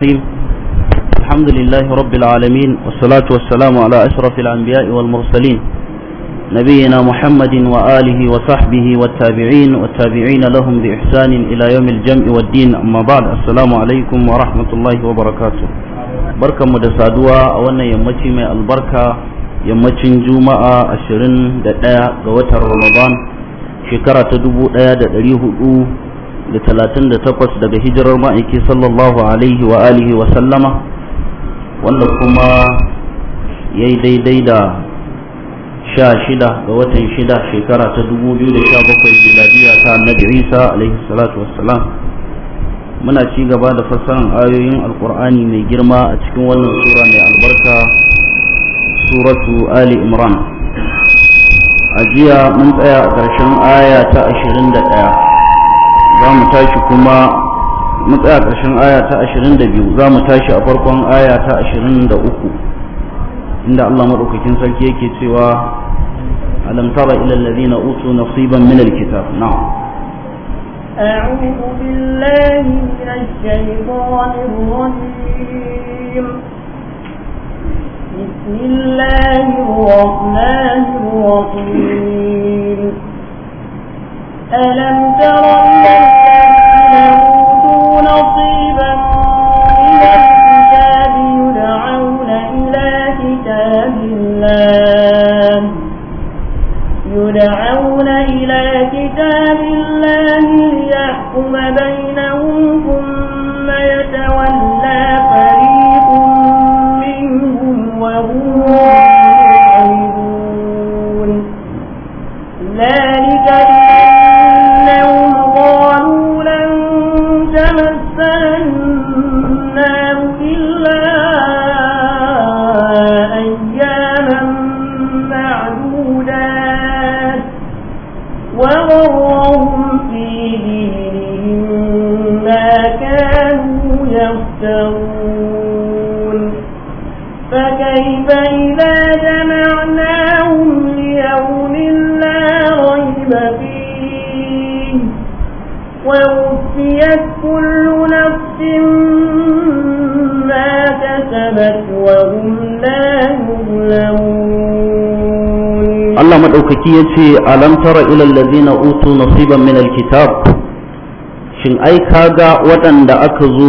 الحمد لله رب العالمين والصلاة والسلام على أشرف الأنبياء والمرسلين نبينا محمد وآله وصحبه والتابعين والتابعين لهم بإحسان إلى يوم الجمع والدين أما بعد السلام عليكم ورحمة الله وبركاته بركة مدسادوة أولا يمتي من البركة يمتي جمعة أشرين دقاء قوة رمضان شكرة دبو دقاء دقاء da talatin da takwas daga hijirar ma'aiki sallallahu alaihi wa alihi wa sallama wanda kuma ya yi daidai da sha shida ga watan shida shekara ta dubu biyu da sha bakwai miladiya ta annabi isa alaihi salatu wassalam muna ci gaba da fassarar ayoyin alkur'ani mai girma a cikin wannan sura mai albarka suratu ali imran a jiya mun tsaya a ƙarshen aya ta ashirin da ɗaya za mu tashi kuma matsaya ƙarshen aya ta 22 za mu tashi a farkon aya ta 23 inda Allah maɗaukakin sarki yake cewa alam tara ila allazina utu nasiban min alkitab na'am أعوذ بالله من الشيطان الرجيم بسم الله الرحمن الرحيم ألم تر الذين أوتوا نصيبا من الكتاب يدعون إلى كتاب الله يدعون إلى كتاب الله ليحكم بينهم ثم يتولى maɗaukaki ya ce alam tara ilal utu nasiban min alkitab shin ai ga waɗanda aka zo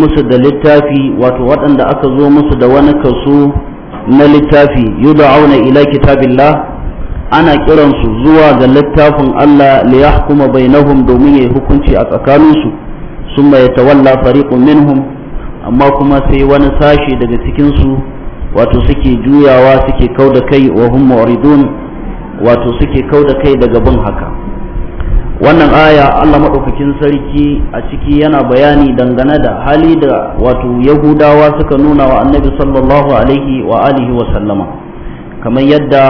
musu da littafi wato waɗanda aka zo musu da wani kaso na littafi yud'auna ila kitabillah ana kiransu zuwa ga littafin Allah li bai bainahum domin ya hukunci a tsakaninsu summa yatawalla fariqun minhum amma kuma sai wani sashe daga cikin su wato suke juyawa suke kau da kai wa hum wato suke kau da kai daga bin haka wannan aya Allah maɗaukakin sarki a ciki yana bayani dangane da hali da wato yahudawa suka nuna wa annabi sallallahu alaihi wa alihi wa sallama kamar yadda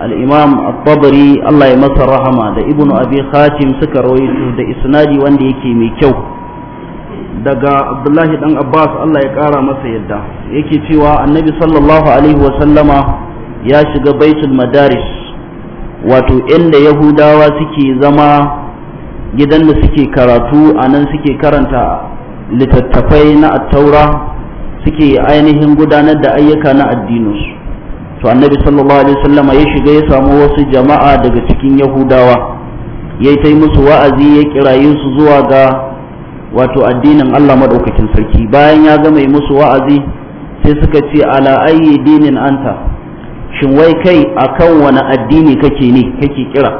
al'imam al-tabari Allah ya masa rahama da ibn abi khatim suka rawaito da isnadi wanda yake mai kyau daga abdullahi dan abbas Allah ya kara masa yadda yake cewa annabi sallallahu alaihi wa sallama ya shiga baitul madaris wato inda yahudawa suke zama gidan da suke karatu a nan suke karanta littattafai na attaura suke ainihin gudanar da ayyuka na addininsu to annabi sallallahu alaihi wasallam ya shiga ya samu wasu jama'a daga cikin yahudawa ya yi musu wa'azi ya kiraye su zuwa ga wato addinin Allah madaukakin sarki bayan ya gama musu wa'azi sai suka ce ala ayyi dinin anta shin wai kai akan wani addini kake ne kake kira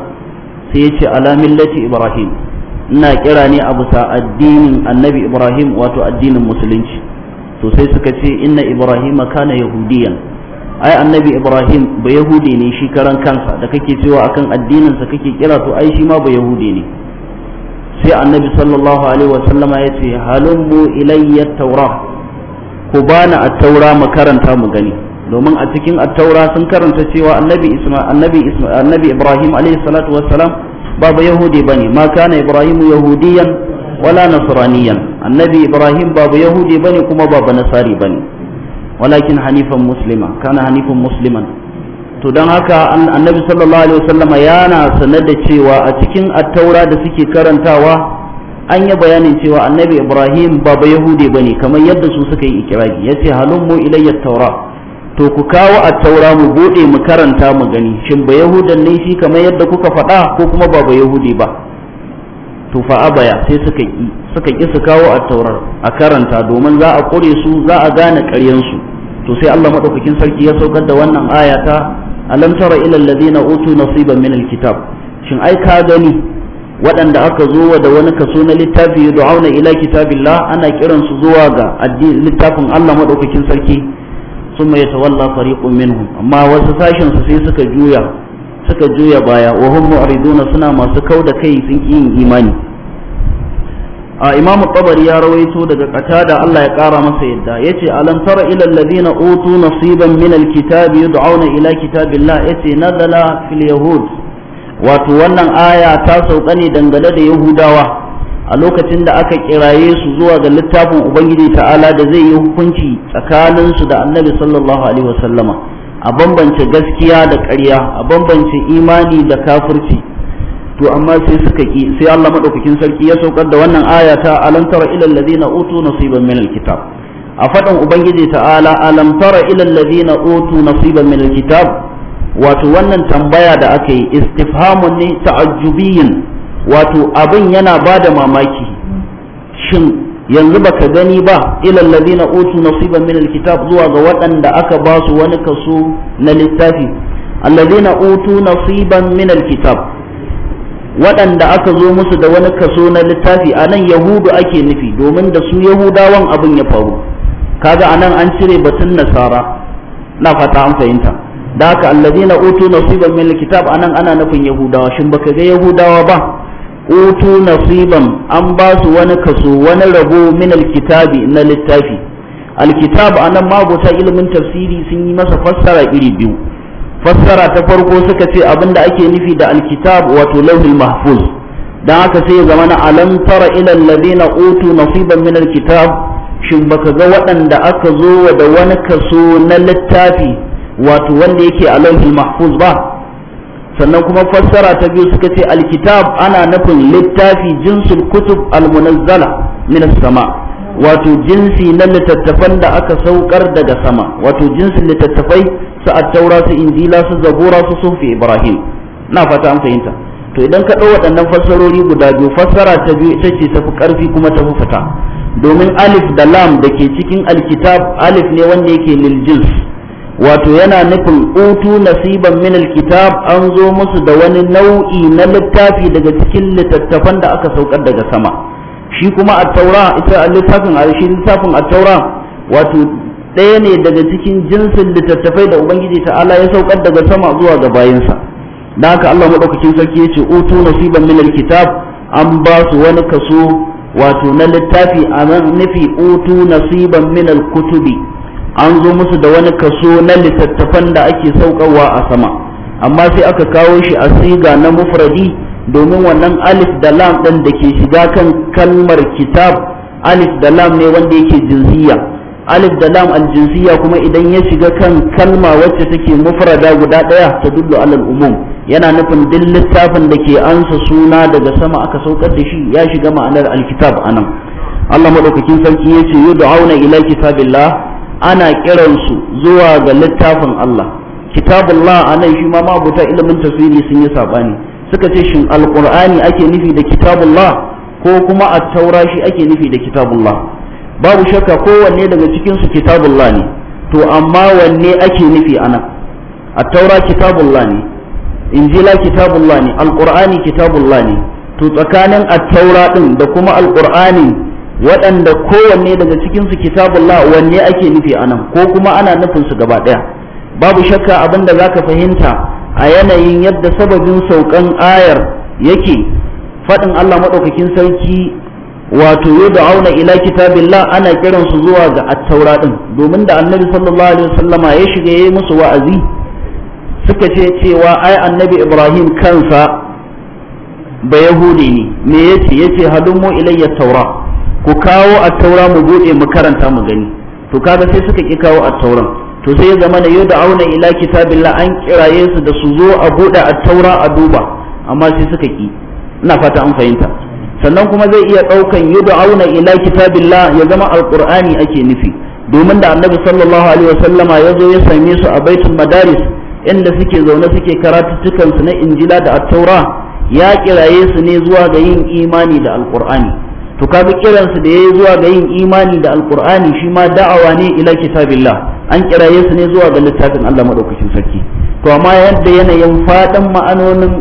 sai ya ce ala ibrahim ina kira ne a bisa addinin annabi ibrahim wato addinin musulunci to sai suka ce inna ibrahim kana yahudiyan ai annabi ibrahim ba yahudi ne shi karan kansa da kake cewa akan addinin sa kake kira to ai shi ma ba yahudi ne sai annabi sallallahu alaihi wasallama ya ce halummu ilayya taura ku bana a taura mu karanta mu gani domin a cikin attaura sun karanta cewa annabi isma annabi isma annabi ibrahim alayhi salatu wassalam ba ba yahudi bane ma kana ibrahim yahudiyan wala nasraniyan annabi ibrahim ba ba yahudi bane kuma ba nasari bane walakin hanifan muslima kana hanifan musliman to don haka annabi sallallahu alaihi wasallam yana sanar da cewa a cikin attaura da suke karantawa an yi bayanin cewa annabi ibrahim ba ba yahudi bane kamar yadda su suka yi ikirari yace halummu ilayya taura to ku kawo a taura mu buɗe mu karanta mu gani shin ba yahudan ne shi kamar yadda kuka faɗa ko kuma ba ba yahudi ba to fa abaya sai suka ki suka ki su kawo a taurar a karanta domin za a kure su za a gane ƙaryansu to sai Allah madaukakin sarki ya saukar da wannan aya ta alam tara ila alladhina utu nasiban min alkitab shin ai ka gani waɗanda aka zo da wani kaso na littafi yad'auna ila kitabillah ana kiransu zuwa ga littafin Allah madaukakin sarki sun mai tawalla fariqun minhum amma wasu sashen su sai suka juya suka juya baya wa hum mu'riduna suna masu kauda kai sun ki yin imani a imam tabari ya rawaito daga qatada Allah ya kara masa yadda yace alam tara ila alladhina utu nasiban min alkitabi yud'auna ila kitabillah yace nadala fil yahud wato wannan aya ta sauka ne dangane da yahudawa a lokacin da aka kiraye su zuwa ga littafin ubangiji ta'ala da zai yi hukunci tsakaninsu da annabi sallallahu alaihi wasallama a bambance gaskiya da ƙarya a bambance imani da kafirci to amma sai suka ki sai Allah madaukakin sarki ya saukar da wannan aya ta alam tara ilal ladina utu nasiban min alkitab a fadan ubangiji ta'ala alam tara ilal ladina utu nasiban min alkitab wato wannan tambaya da aka yi istifhamun ne ta'ajjubiyin wato abin yana ba da mamaki shin yanzu ba ka gani ba ilal ladina utu nasiban min alkitab zuwa ga waɗanda aka ba su wani kaso na littafi alladina utu nasiban min alkitab waɗanda aka zo musu da wani kaso na littafi anan yahudu ake nufi domin da su yahudawan abin ya faru kaga anan an cire batun nasara na fata an fahimta da haka alladina utu nasiban min alkitab anan ana nufin yahudawa shin baka ga yahudawa ba utu nasiban an ba su wani kaso wani rabo min alkitabi na littafi alkitab anan mabuta ilimin tafsiri sun yi masa fassara iri biyu fassara ta farko suka ce abinda ake nufi da alkitab wato lauhul mahfuz dan haka sai zama na alam tara ila alladhina utu nasiban min alkitab shin baka ga waɗanda aka zo da wani kaso na littafi wato wanda yake a lauhul mahfuz ba sannan kuma fassara ta biyu suka ce alkitab ana nufin littafi jinsul kutub almunazzala min sama wato jinsi na littattafan da aka saukar daga sama wato jinsin littattafai su attaura su injila su zabura su sufi ibrahim na fata an fahimta to idan ka ɗau waɗannan fassarori guda biyu fassara ta biyu ita ce tafi ƙarfi kuma tafi fita domin alif da lam da ke cikin alkitab alif ne wanda yake lil jins wato yana nufin utu nasiban min alkitab an zo musu da wani nau'i na littafi daga cikin littattafan da aka saukar daga sama shi kuma at-taura ita littafin shi littafin at-taura wato ɗaya ne daga cikin jinsin littattafai da ubangiji ta'ala ya saukar daga sama zuwa ga bayansa da haka Allah madaukakin sarki yace utu nasiban min alkitab an ba su wani kaso wato na littafi a nufi utu nasiban min alkutubi an zo musu da wani kaso na littattafan da ake saukarwa a sama amma sai aka kawo shi a siga na mufradi domin wannan alif da lam ɗin da ke shiga kan kalmar kitab alif da lam ne wanda yake jinsiya alif da lam aljinsiya kuma idan ya shiga kan kalma wacce take mufrada guda ɗaya ta dullu alal umum yana nufin duk littafin da ke ansa suna daga sama aka saukar da shi ya shiga ma'anar alkitab anan Allah madaukakin sarki yace yud'auna ila kitabillah ana kiransu zuwa ga littafin Allah kitabullah anan shi ma mabuta ilimin tafsiri sun yi sabani suka ce shin Alƙur'ani ake nufi da kitabullah ko kuma at-taura shi ake nufi da kitabullah babu shakka kowanne daga cikinsu su kitabullah ne to amma wanne ake nufi a nan at-taura kitabullah ne injila kitabullah ne alqur'ani kitabullah ne to tsakanin at-taura din da kuma alqur'ani waɗanda kowanne daga cikinsu kitabullah wanne ake nufi anan ko kuma ana nufin su gaba ɗaya babu shakka abin da za ka fahimta a yanayin yadda sababin saukan ayar yake faɗin Allah maɗaukakin sarki wato yau da auna ila kitabillah ana kiransu zuwa ga attaura ɗin domin da annabi sallallahu alaihi wasallama ya shiga ya yi musu wa'azi suka ce cewa ai annabi ibrahim kansa ba yahudi ne me yace yace halummu ilayya taura ku kawo a taura mu buɗe mu karanta mu gani to kaga sai suka ki kawo a tauran to sai ya zama da yau da auna ila kitabilla an kiraye su da su zo a buɗe a taura a duba amma sai suka ki ina fata an fahimta sannan kuma zai iya ɗaukan yau da auna ila kitabilla ya zama alƙur'ani ake nufi domin da annabi sallallahu alaihi wasallama ya zo ya same su a baitul madaris inda suke zaune suke cikansu na injila da attaura ya kiraye su ne zuwa ga yin imani da alƙur'ani to kaga kiransu da yayi zuwa ga yin imani da alqur'ani shi ma da'awa ne ila kitabillah an kiraye su ne zuwa ga littafin Allah madaukakin sarki to amma yadda yanayin fadan ma'anonin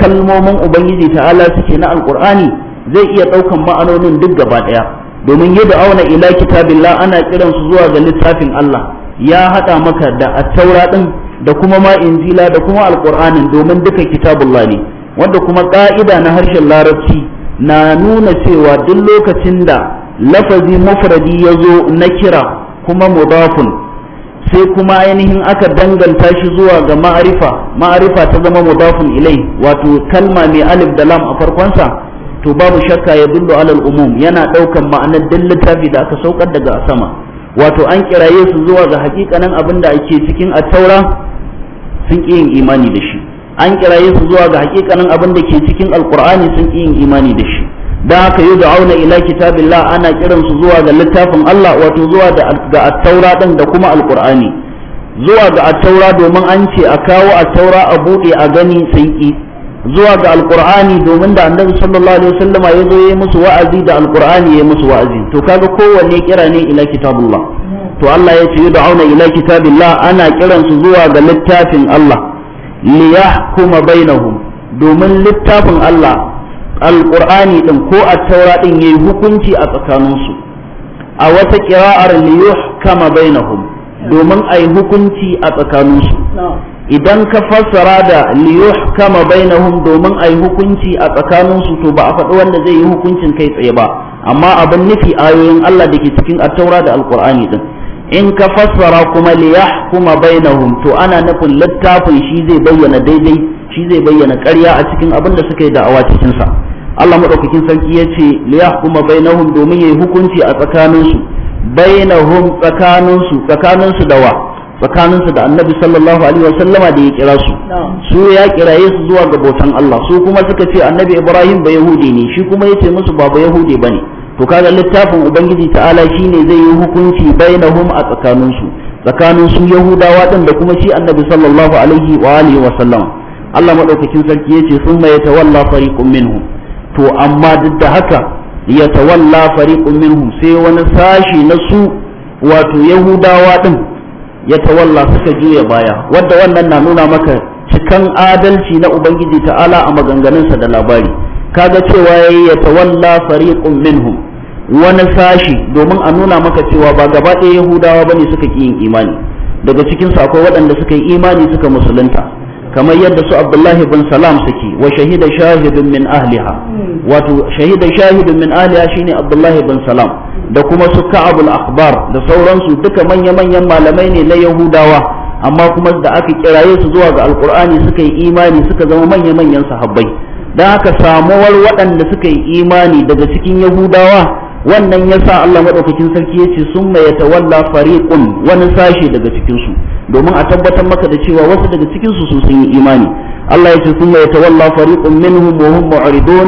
kalmomin ubangiji ta'ala suke na alqur'ani zai iya daukan ma'anonin duk gaba daya domin yadda auna ila kitabillah ana kiransu zuwa ga littafin Allah ya hada maka da at-taura din da kuma ma injila da kuma alqur'anin domin duka kitabullah ne wanda kuma ka'ida na harshen larabci na nuna cewa duk lokacin da lafazi mufradi ya zo na kira kuma mudafun sai kuma ainihin aka danganta shi zuwa ga ma'arifa ma'arifa ta zama mudafun ilai wato kalma mai alif da lam a farkonsa to babu shakka ya dullo alal umum yana daukan ma'anar duk littafi da aka saukar daga sama wato an kiraye su zuwa ga hakikanin abin da ake cikin at-taura sun ƙi yin imani da shi an kiraye su zuwa ga hakikanin abin da ke cikin alkur'ani sun yin imani da shi da haka yi da'auna ila kitabillah ana kiran su zuwa ga littafin Allah wato zuwa ga attaura din da kuma alkur'ani zuwa ga attaura domin an ce a kawo attaura a buɗe a gani sun zuwa ga alkur'ani domin da annabi sallallahu alaihi wasallama ya zo yayi musu wa'azi da alkur'ani yayi musu wa'azi to kaga kowanne kira ne ila kitabullah to Allah ya ce da da'auna ila kitabillah ana kiran su zuwa ga littafin Allah liyahkuma bainahum domin littafin Allah alqur'ani din ko at-taura din yayi hukunci a tsakaninsu a wata qira'ar liyahkama bainahum domin ai hukunci a tsakaninsu idan ka fassara da liyahkama bainahum domin ai hukunci a tsakaninsu to ba a faɗi wanda zai yi hukuncin kai tsaye ba amma abin nufi ayoyin Allah dake cikin at-taura da alqur'ani din in ka fassara kuma li yahkuma bainahum to ana nufin littafin shi zai bayyana daidai shi zai bayyana ƙarya a cikin abin da suka yi da'awa cikin sa Allah madaukakin sarki yace li yahkuma bainahum domin yayi hukunci a tsakanin su bainahum tsakanin su tsakanin su da tsakanin su da Annabi sallallahu alaihi wasallama da ya kira su su ya kiraye su zuwa ga bautan Allah su kuma suka ce Annabi Ibrahim ba Yahudi ne shi kuma ya ce musu ba ba Yahudi bane to kaga littafin ubangiji ta'ala shine zai yi hukunci bainahum a tsakaninsu tsakanin su yahudawa din da kuma shi annabi sallallahu alaihi wa alihi wa sallam Allah madaukakin sarki yace summa yatawalla fariqun minhum to amma duk da haka yatawalla fariqun minhum sai wani sashi na su wato yahudawa din yatawalla suka juya baya wanda wannan na nuna maka cikan adalci na ubangiji ta'ala a maganganunsa da labari kaga cewa yayi ya tawalla fariqun minhum wani sashi domin a nuna maka cewa ba gaba ɗaya yahudawa bane suka ki yin imani daga cikin su akwai waɗanda suka yi imani suka musulunta kamar yadda su abdullahi bin salam suke wa shahida shahidun min ahliha wato shahida shahidun min ahliha shine abdullahi bin salam da kuma su ka'abul akbar da sauransu duka manya-manyan malamai ne na yahudawa amma kuma da aka kiraye su zuwa ga alkur'ani suka yi imani suka zama manya-manyan sahabbai da haka samuwar waɗanda suka yi imani daga cikin yahudawa wannan ya sa Allah maɗaukakin sarki ya ce sun mai tawalla fariƙun wani sashe daga cikinsu domin a tabbatar maka da cewa wasu daga cikinsu su sun yi imani Allah ya ce sun mai tawalla fariƙun minhum wa hum mu'ridun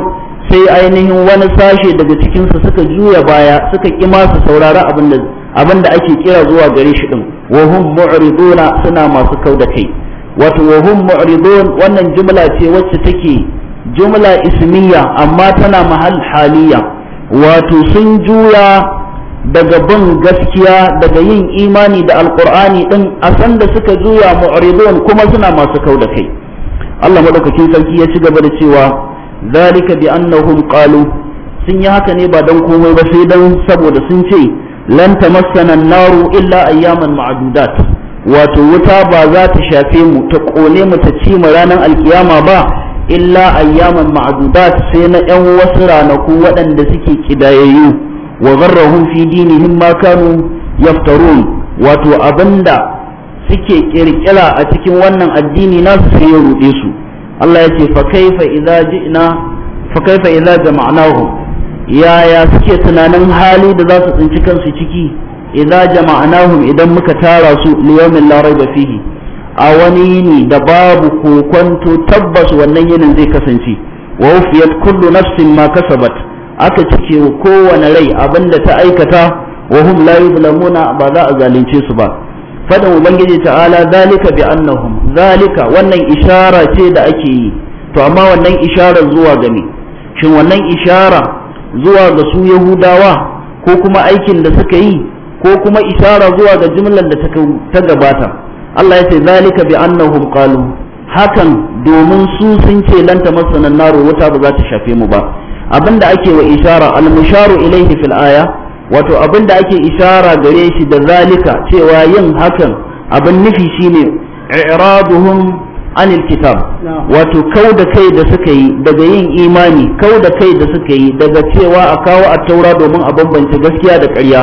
sai ainihin wani sashe daga cikinsu suka juya baya suka ƙi ma su saurara abin da abin da ake kira zuwa gare shi din wa hum mu'riduna suna masu kauda kai wato wa hum mu'ridun wannan jumla ce wacce take jumla ismiya amma tana mahal haliya wato sun juya daga bin gaskiya daga yin imani da alkur'ani din a sanda suka juya mu'ridun kuma suna masu kau da kai Allah madaukakin sarki ya ci gaba da cewa zalika bi annahum qalu sun yi haka ne ba dan komai ba sai dan saboda sun ce lan tamassana naru illa ayyaman ma'dudat wato wuta ba za ta shafe mu ta kone mu ta ci mu ranar alkiyama ba illa ayyaman ma'dudat sai na yan wasu ranaku waɗanda suke kidayayyu wa gharrahum fi dinihim ma kanu yaftarun wato abinda suke kirkira a cikin wannan addini su sai ya su Allah ya ce fa kaifa idza ji'na fa kaifa idza ya yaya suke tunanin hali da za su tsinci kansu ciki idza jama'nahum idan muka tara su liyawmin la raiba fihi a wani ne da babu kokonto tabbas wannan yinin zai kasance wa wufiyat kullu nafsin ma kasabat aka cike wa kowane rai abinda ta aikata wa hum la yuzlamuna ba za a zalunce su ba fadan ubangiji ta'ala zalika bi annahum zalika wannan ishara ce da ake yi to amma wannan isharar zuwa ga me shin wannan ishara zuwa ga su yahudawa ko kuma aikin da suka yi ko kuma ishara zuwa ga jimlar da ta gabata Allah ya ce zalika bi annahum qalu hakan domin su sun ce lan tamassana naru wuta ba za ta shafe mu ba abinda ake wa ishara al-musharu ilayhi fil aya wato abinda ake ishara gare shi da zalika cewa yin hakan abin nufi shine i'raduhum anil kitab wato kau da kai da suka yi daga yin imani kau da kai da suka yi daga cewa a kawo a taura domin a bambance gaskiya da ƙarya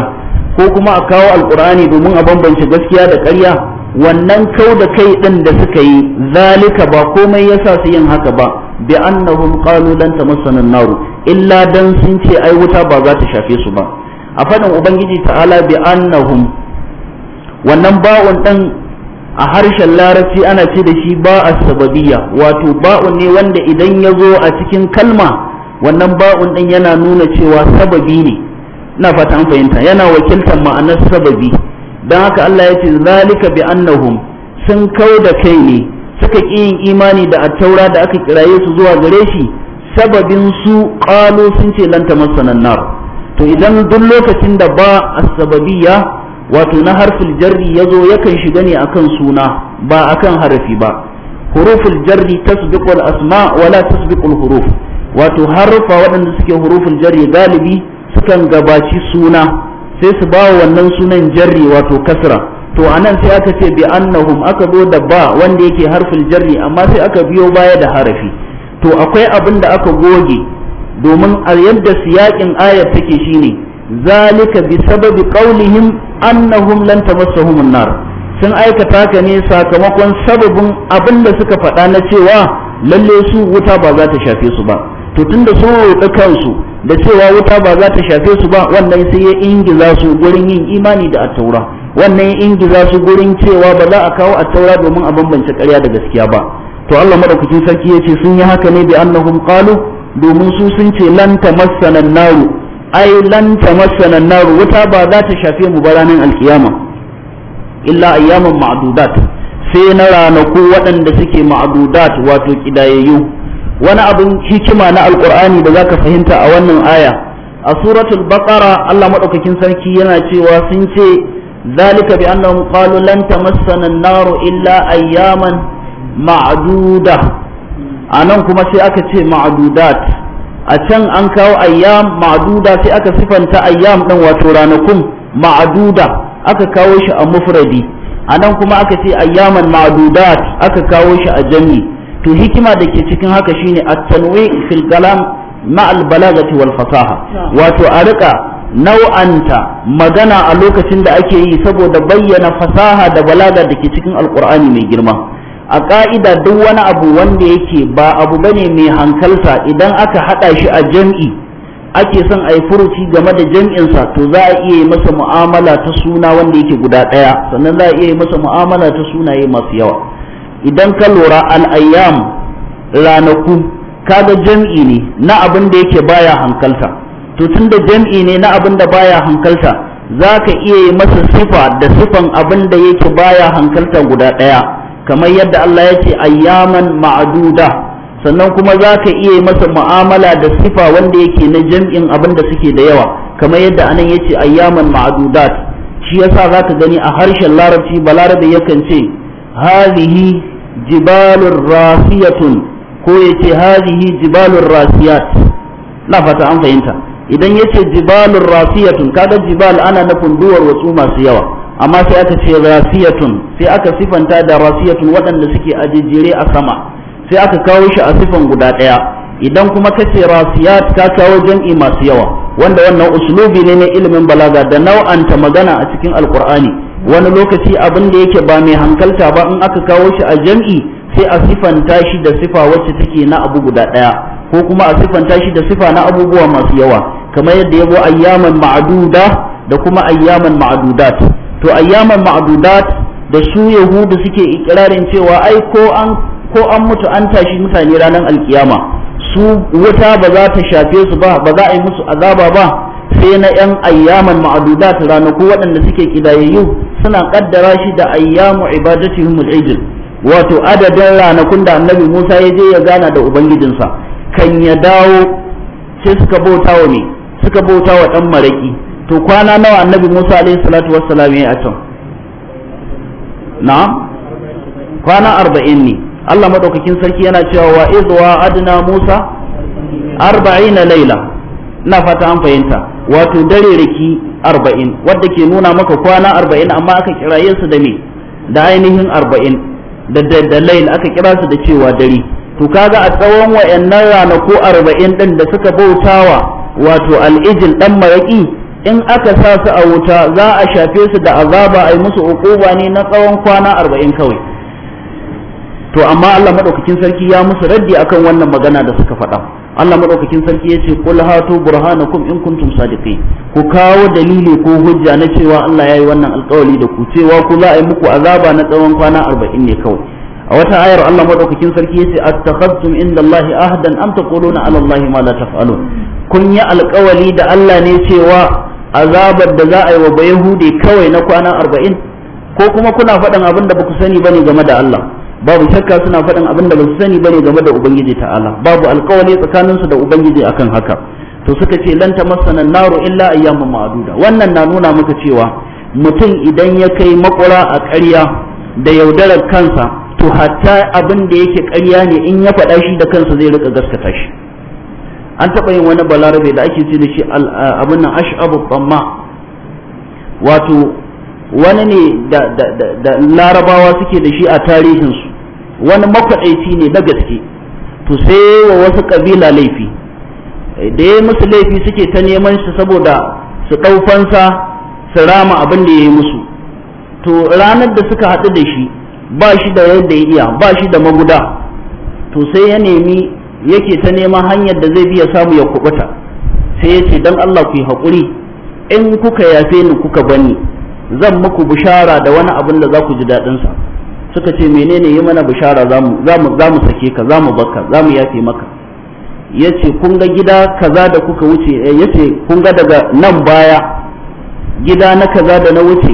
ko kuma a kawo alkur'ani domin a bambance gaskiya da ƙarya wannan kau da kai ɗin da suka yi zalika ba komai yasa su yin haka ba bi annahum qalu lan tamassana an illa dan sun ce ai wuta ba za ta shafe su ba a fadin ubangiji ta'ala bi annahum wannan ba'un ɗin a harshen larabci ana ce da shi ba a wato ba'un ne wanda idan ya zo a cikin kalma wannan ba'un din yana nuna cewa sababi ne ina fata an fahimta yana wakiltar ma'anar sababi don haka Allah ya ce zalika bi annahum sun kau da kai ne suka ƙi yin imani da attaura da aka kiraye su zuwa gare shi sababin su ƙalo sun ce lan tamassanan nar to idan duk lokacin da ba asbabiyya wato na harful jarri yazo yakan shiga ne akan suna ba akan harafi ba huruful jarri tasbiqul asma wala tasbiqul huruf wato harufa waɗanda suke huruful jarri galibi sukan gabaci suna sai su ba wannan sunan jarri wato kasra to anan sai aka ce bi annahum aka zo da ba wanda yake harfin jarri amma sai aka biyo baya da harafi to akwai abin da aka goge domin a yadda siyakin ayar take shine zalika bi sababi qaulihim annahum lan tamassahum nar sun aikata ka ne sakamakon sababin abin da suka faɗa na cewa lalle su wuta ba za ta shafe su ba to tun da sun roƙi kansu da cewa wuta ba za ta shafe su ba wannan sai ya ingiza su gurin yin imani da attaura wannan ya ingiza su gurin cewa ba za a kawo attaura domin a bambance karya da gaskiya ba to Allah madaukakin sarki ya ce sun yi haka ne bi annahum qalu domin su sun ce lan tamassana naru ai lan tamassana naru wuta ba za ta shafe mu ba ranar alkiyama illa ayyaman ma'dudat sai na ranaku waɗanda suke ma'dudat wato kidayayyu wani abin hikima na alkur'ani da zaka fahimta a wannan aya a suratul baqara Allah madaukakin sarki yana cewa sun ce zalika bi annahum qalu lan tamassana an illa ayyaman ma'duda anan kuma sai aka ce ma'dudat a can an kawo ayyam ma'duda sai aka sifanta ayyam din wato ranakun ma'duda aka kawo shi a mufradi anan kuma aka ce ayyaman ma'dudat aka kawo shi a jami'i to hikima da ke cikin haka shine at-tanwi fil kalam ma al-balagati wal fasaha wato a rika nau'anta magana a lokacin da ake yi saboda bayyana fasaha da balaga da ke cikin alqur'ani mai girma a ka'ida duk wani abu wanda yake ba abu bane mai hankalsa idan aka hada shi a jam'i ake son a yi furuci game da jam'insa to za a iya yi masa mu'amala ta suna wanda yake guda ɗaya sannan za a iya yi masa mu'amala ta sunaye masu yawa idan ka lura al'ayyam ranaku kaga jam'i ne na abin da yake baya hankalta to tunda jam'i ne na abin da baya hankalta za ka iya yi masa sifa da sifan abin da yake baya hankalta guda ɗaya kamar yadda Allah ya ce ayyaman ma'aduda sannan kuma za ka iya yi masa mu'amala da sifa wanda yake na jam'in abin da suke da yawa kamar yadda anan ya ce ayyaman ma'adudat shi yasa za ka gani a harshen larabci balarabe yakan ce hadhihi jibalun rasiyatun ko yace hadhihi jibalun rasiyat na fata an fahimta idan yace jibalun rasiyatun kaga jibal ana na duwar wasu masu yawa amma sai aka ce rasiyatun sai aka sifanta da rasiyatun waɗanda suke ajijjire a sama sai aka kawo shi a sifan guda ɗaya idan kuma kace rasiyat ka kawo jam'i masu yawa wanda wannan uslubi ne na ilimin balaga da nau'anta magana a cikin alkur'ani wani lokaci abin da yake ba mai hankalta ba in aka kawo shi a jam'i sai a sifanta shi da sifa wacce take na abu guda ɗaya ko kuma a sifanta shi da sifa na abubuwa masu yawa kamar yadda yabo ayyaman ma'aduda da kuma ayyaman ma'adudat to ayyaman ma'adudat da su yahudu suke ikirarin cewa ai ko an ko an mutu an tashi mutane ranar alkiyama su wuta ba za ta shafe su ba ba za a yi musu azaba ba sai na yan ayyaman ma'adudat ranaku waɗanda suke kidayayyu suna kaddara shi da ayyamu ibadatihim al-ijl wato adadin ranakun da annabi Musa ya je ya gana da ubangijinsa kan ya dawo sai suka bauta wa me suka bauta wa dan maraki to kwana nawa annabi Musa alaihi salatu wassalam ya yi a can na'am kwana 40 ne Allah madaukakin sarki yana cewa wa idwa adna Musa 40 laila ina fata an fahimta wato dare riki 40 wanda ke nuna maka kwana 40 amma aka kira yinsu da me da ainihin 40 da da lail aka kira su da cewa dare to kaga a tsawon wayannan ranaku arba'in din da suka bautawa wato al ɗan dan maraki in aka sa su a wuta za a shafe su da azaba ai musu ukuba ne na tsawon kwana arba'in kawai to amma Allah madaukakin sarki ya musu raddi akan wannan magana da suka faɗa Allah madaukakin sarki ya ce qul hatu burhanakum in kuntum sadiqin ku kawo dalili ko hujja na cewa Allah yayi wannan alƙawari da ku cewa ku za a yi muku azaba na tsawon kwana arba'in ne kawai a wata ayar Allah madaukakin sarki ya ce attakhadtum indallahi ahdan am taquluna ala allahi ma la taf'alun kun yi alƙawari da Allah ne cewa azabar da za a yi wa bayahudi kawai na kwana arba'in ko kuma kuna faɗin abin da ba ku sani ne game da Allah babu shakka suna faɗin abin da ba su sani bane game da ubangiji ta'ala babu tsakanin tsakaninsu da ubangiji akan haka to suka ce lan masana naru illa ayyamu ma'duda wannan na nuna maka cewa mutum idan ya kai makura a ƙarya da yaudarar kansa to hatta abin da yake ƙarya ne in ya faɗa shi da kansa zai rika gaskata shi an taɓa yin wani balarabe da ake ce da shi abin nan ash'abu tsamma wato wani ne da larabawa suke da shi a tarihinsu wani makwaɗaici ne na gaske to sai wa wasu ƙabila laifi da ya musu laifi suke ta neman shi saboda su ɗau su rama abin da ya yi musu to ranar da suka haɗu da shi ba shi da yadda ya iya ba shi da maguda to sai ya nemi yake ta neman hanyar da zai biya samu ya kubuta sai ya ce don Allah ku yi haƙuri in kuka yafe ni kuka bani zan muku bishara da wani abin da za ku ji daɗinsa suka ce menene yi mana bishara za mu sake ka za mu baka za mu yafe maka ya ce kun ga gida kaza da kuka wuce eh, ya ce kun ga daga nan baya gida na kaza da na wuce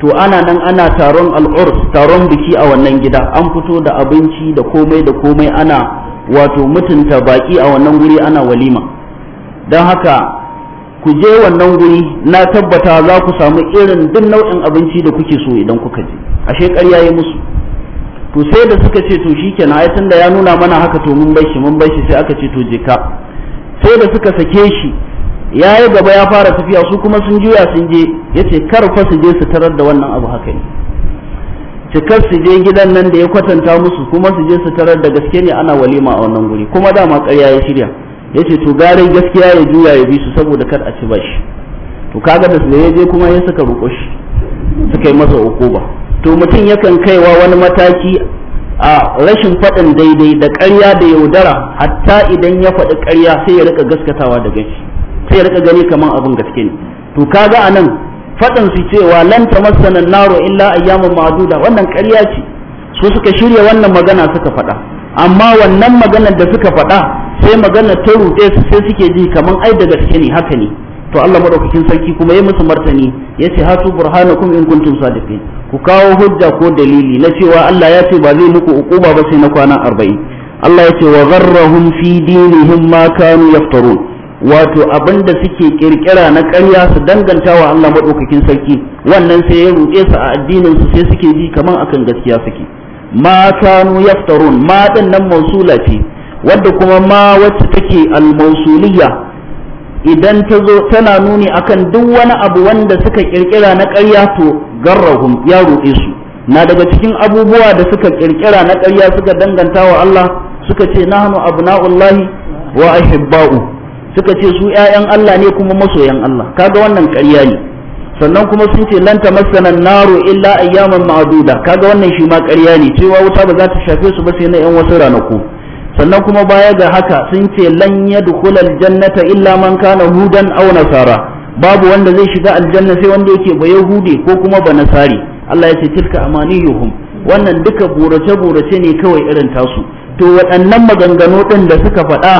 to ana nan ana taron al'ur taron biki a wannan gida an fito da abinci da komai da komai ana wato mutunta baki a wannan guri ana walima don haka ku je wannan guri na tabbata za ku samu irin duk nau'in abinci da kuke so idan kuka je ashe ƙarya yi musu to sai da suka ce to shi kenan ai tunda ya nuna mana haka to mun bashi mun bashi sai aka ce to je ka sai da suka sake shi ya yi gaba ya fara tafiya su kuma sun juya sun je ya ce kar fa su je su tarar da wannan abu haka ne cikar su je gidan nan da ya kwatanta musu kuma su je su tarar da gaske ne ana walima a wannan guri kuma dama karya ya shirya ya ce to gare gaskiya ya juya ya bi su saboda kar a ci bashi to kaga da su ya je kuma ya suka roƙo shi suka yi masa ba to mutum yakan kaiwa wani mataki a rashin faɗin daidai da ƙarya da yaudara hatta idan ya faɗi ƙarya sai ya rika gaskatawa da gashi sai ya rika gani kamar abin gaske ne to kaga anan faɗin su cewa lan tamassana naro illa ayyamun ma'duda wannan ƙarya ce su suka shirya wannan magana suka faɗa amma wannan maganar da suka faɗa sai magana ta ruɗe su sai suke ji kaman ai da gaske ne haka ne to Allah madaukakin sarki kuma ya musu martani ya yace hatu burhanakum in kuntum sadiqin ku kawo hujja ko dalili na cewa Allah ya ce ba zai muku uku ba sai na kwana 40 Allah ya ce wa gharrahum fi dinihim ma kanu yaftarun wato abinda suke kirkira na ƙarya su danganta wa Allah madaukakin sarki wannan sai ya ruɗe su a addinin su sai suke ji kaman akan gaskiya suke ma kanu yaftarun ma dinnan nan mausula ce wadda kuma ma wacce take almausuliya idan ta zo tana nuni akan duk wani abu wanda suka kirkira na ƙarya to garrahum ya ruɗe su na daga cikin abubuwa da suka kirkira na ƙarya suka danganta wa Allah suka ce nahnu abna'ullahi wa ahibba'u suka ce su ƴaƴan Allah ne kuma masoyan Allah kaga wannan ƙarya ne sannan kuma sun ce lan tamassana naru illa ayyaman ma'duda kaga wannan shi ma ƙarya ne cewa wuta ba za ta shafe su ba sai na ƴan wasu ranaku sannan kuma baya ga haka sun ce lan yadkhul aljannata illa man kana hudan aw nasara babu wanda zai shiga aljanna sai wanda yake ba yahudi ko kuma ba nasari Allah ya ce tilka amaniyuhum wannan duka burace burace ne kawai irin tasu to waɗannan maganganu din da suka faɗa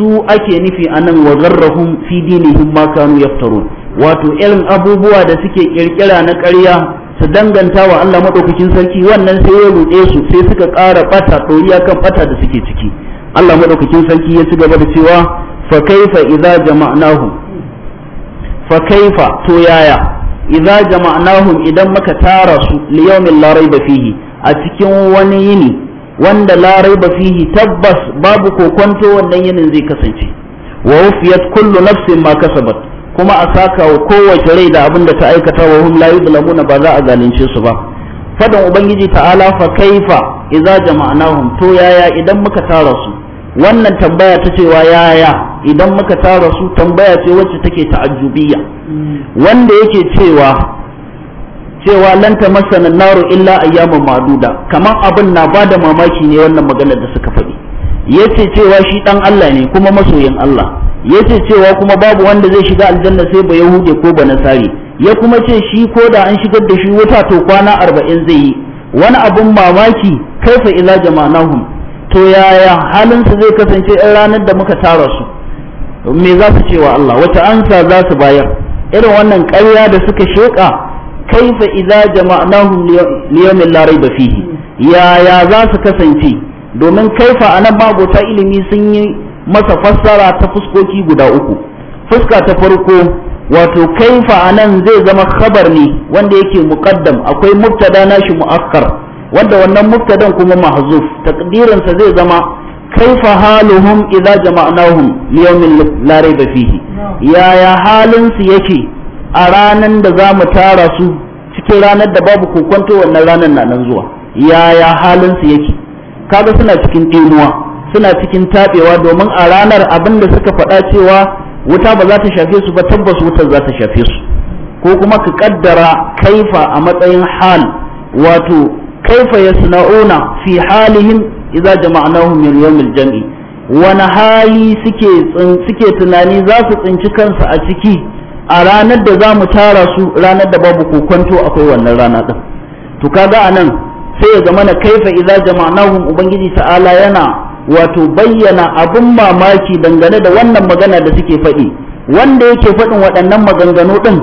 su ake nufi anan wa garrahum fi dinihim ma kanu yaftarun wato irin abubuwa da suke kirkira na ƙarya su danganta wa Allah madaukakin sarki wannan sai ya ruɗe su sai suka kara bata ɗoriya kan bata da suke ciki Allah madaukakin sarki ya ci gaba da cewa fa kaifa idza jama'nahum fa kaifa to yaya idza jama'nahum idan muka tara su li yawmin la rayba fihi a cikin wani yini wanda la rayba fihi tabbas babu kokonto wannan yinin zai kasance wa wufiyat kullu nafsin ma kasabat kuma a saka wa kowace rai da abin da ta aikata wa hum la yuzlamuna ba za a zalunce su ba fadan ubangiji ta'ala fa kaifa idza jama'nahum to yaya idan muka tara su wannan tambaya ta cewa yaya idan muka tara su tambaya ce wacce take ta'ajjubiyya wanda yake cewa cewa lan tamassana naru illa ayyaman maduda kamar abin na bada mamaki ne wannan maganar da suka faɗi yace cewa shi dan Allah ne kuma masoyin Allah yace cewa kuma babu wanda zai shiga aljanna sai ba yahude ko ba nasari ya kuma ce shi ko da an shigar da shi wuta to kwana arba'in zai yi wani abun mamaki kaifa ila jama'nahum to yaya halinsu zai kasance in ranar da muka tara su me za su cewa Allah wata ansa za su bayar irin wannan ƙarya da suka sheƙa kaifa ila jama'nahum liyawmin la rayba fihi yaya za su kasance domin kaifa anan ta ilimi sun yi masa fassara ta fuskoki guda uku fuska ta farko wato kaifa anan zai zama khabar ne wanda yake muqaddam akwai mubtada nashi muakkar wanda wannan mubtadan kuma mahzuf takdirin sa zai zama kaifa haluhum idza jama'nahum li yawmin la rayba fihi yaya halin su yake a ranan da za mu tara su cikin ranar da babu kokonto wannan ranan na nan zuwa yaya halin su yake kaga suna cikin tinuwa suna cikin taɓewa domin a ranar abin da suka faɗa cewa wuta ba za ta shafe su ba tabbas wutar za ta shafe su ko kuma ka kaddara kaifa a matsayin hal wato kaifa ya sunauna fi halihim idza jama'nahum min yawmil jam'i wani hali suke tunani za su tsinci kansu a ciki a ranar da za mu tara su ranar da babu kokonto akwai wannan rana ɗin to kaga nan sai ya zama na kaifa idza jama'nahum ubangiji ta'ala yana wato bayyana abin mamaki dangane da wannan magana da suke faɗi wanda yake faɗin waɗannan maganganu ɗin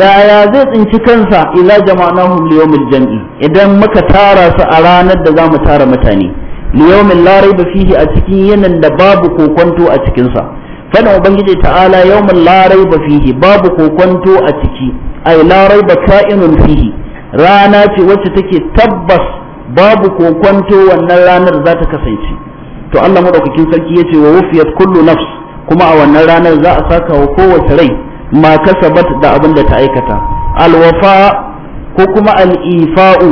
yaya zai tsinci kansa ila hum liyawmil jam'i idan muka tara su a ranar da zamu tara mutane liyomin la raiba fihi a cikin yanin da babu kokonto a cikin sa faɗin ubangiji ta'ala yawmin la raiba fihi babu kokonto a ciki ai la raiba ka'inun fihi rana ce wacce take tabbas babu kokonto wannan ranar za ta kasance to Allah madaukakin sarki yace wa wufiyat kullu nafs kuma a wannan ranar za a saka wa kowace rai ma kasabat da abin da ta aikata alwafa ko kuma al'ifa'u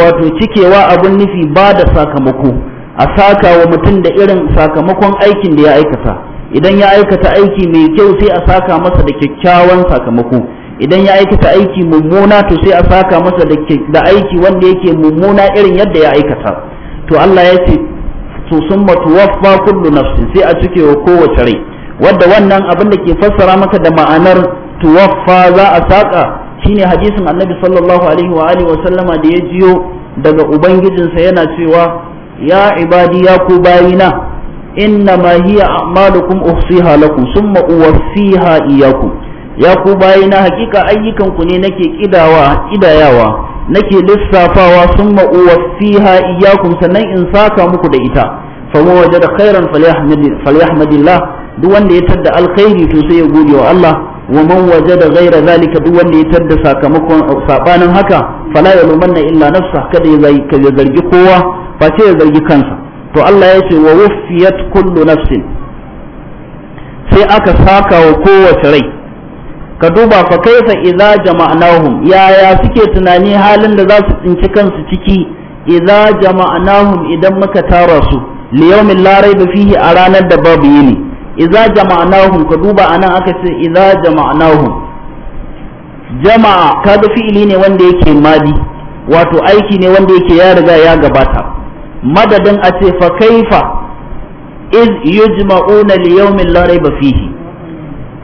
wato cikewa abun nufi ba da sakamako a saka wa mutum da irin sakamakon aikin da ya aikata idan ya aikata aiki mai kyau sai a saka masa da kyakkyawan sakamako idan ya aikata aiki mummuna to sai a saka masa da aiki wanda yake mummuna irin yadda ya aikata to Allah ya ce to sun wasfa kullu nafsin sai a cike wa kowace rai wadda wannan abin da ke fassara maka da ma'anar tuwaffa za a saka shine hadisin annabi sallallahu alaihi wa alihi wa sallama da ya jiyo daga ubangijinsa yana cewa ya ibadi ya ku bayina inna ma hiya a'malukum uhsiha lakum summa uwaffiha iyyakum ya ku bayi na hakika ayyukan ku ne nake kidawa kidayawa nake lissafawa sun fiha iyakum sannan in saka muku da ita fa mu wajada khairan falyahmadillah duk wanda ya tadda alkhairi to sai ya gode wa Allah wa man wajada ghaira zalika duk wanda ya tadda sakamakon sabanin haka fala yalumanna illa nafsa kada ya zargi kowa face sai ya zargi kansa to Allah ya ce wa wuffiyat kullu nafsin sai aka saka wa kowace rai ka duba fa kaifa idza jama'nahum yaya suke tunani halin da za su tsinci kansu ciki idza jama'nahum idan muka tara su li yawmin la rayba fihi a ranar da babu yini idza jama'nahum ka duba anan aka ce idza jama'nahum jama'a kaga fi'ili ne wanda yake madi wato aiki ne wanda yake ya riga ya gabata madadin a ce fa kaifa iz yujma'una li yawmin la rayba fihi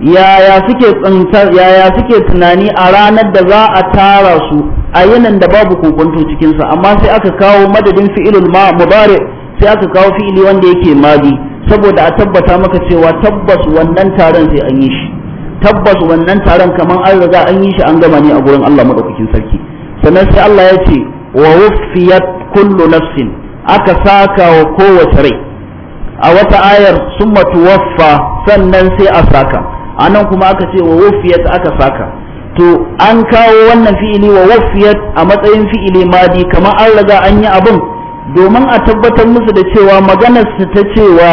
yaya suke tsantar yaya suke tunani a ranar da za a tara su a yanan da babu kokonto cikin sa amma sai aka kawo madadin fi'ilul mudari sai aka kawo fi'ili wanda yake mali saboda a tabbata maka cewa tabbas wannan taron sai an yi shi tabbas wannan taron kamar an riga an yi shi an gama ne a gurin Allah madaukakin sarki sannan sai Allah ya ce wa wufiyat kullu nafsin aka saka wa kowace rai a wata ayar summa tuwaffa sannan sai a saka anan kuma aka ce wa wufiyat aka saka to an kawo wannan fi'ili wa wufiyat a matsayin fi'ili madi kamar an riga an yi abun domin a tabbatar musu da cewa maganar su ta cewa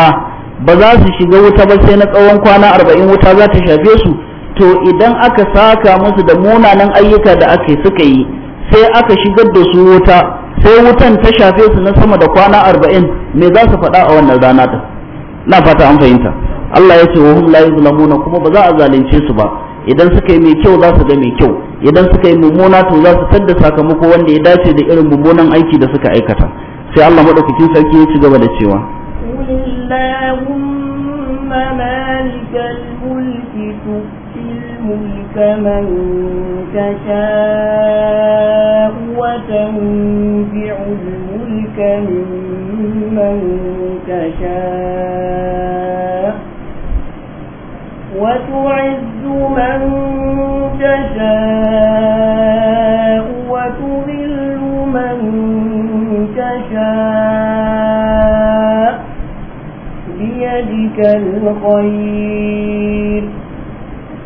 ba za su shiga wuta ba sai na tsawon kwana arba'in wuta za ta shafe su to idan aka saka musu da munanan ayyuka da aka suka yi sai aka shigar da su wuta sai wutan ta shafe su na sama da kwana arba'in me za su faɗa a wannan rana ta na fata an fahimta Allah ya ce wa hum la yuzlamuna kuma ba za a zalunce su ba idan suka yi mai kyau za su ga mai kyau idan suka yi mummuna to za su tadda sakamako wanda ya dace da irin mummunan aiki da suka aikata sai Allah madaukakin sarki ya ci gaba da cewa الملك من تشاء وتعز من تشاء وتذل من تشاء بيدك الخير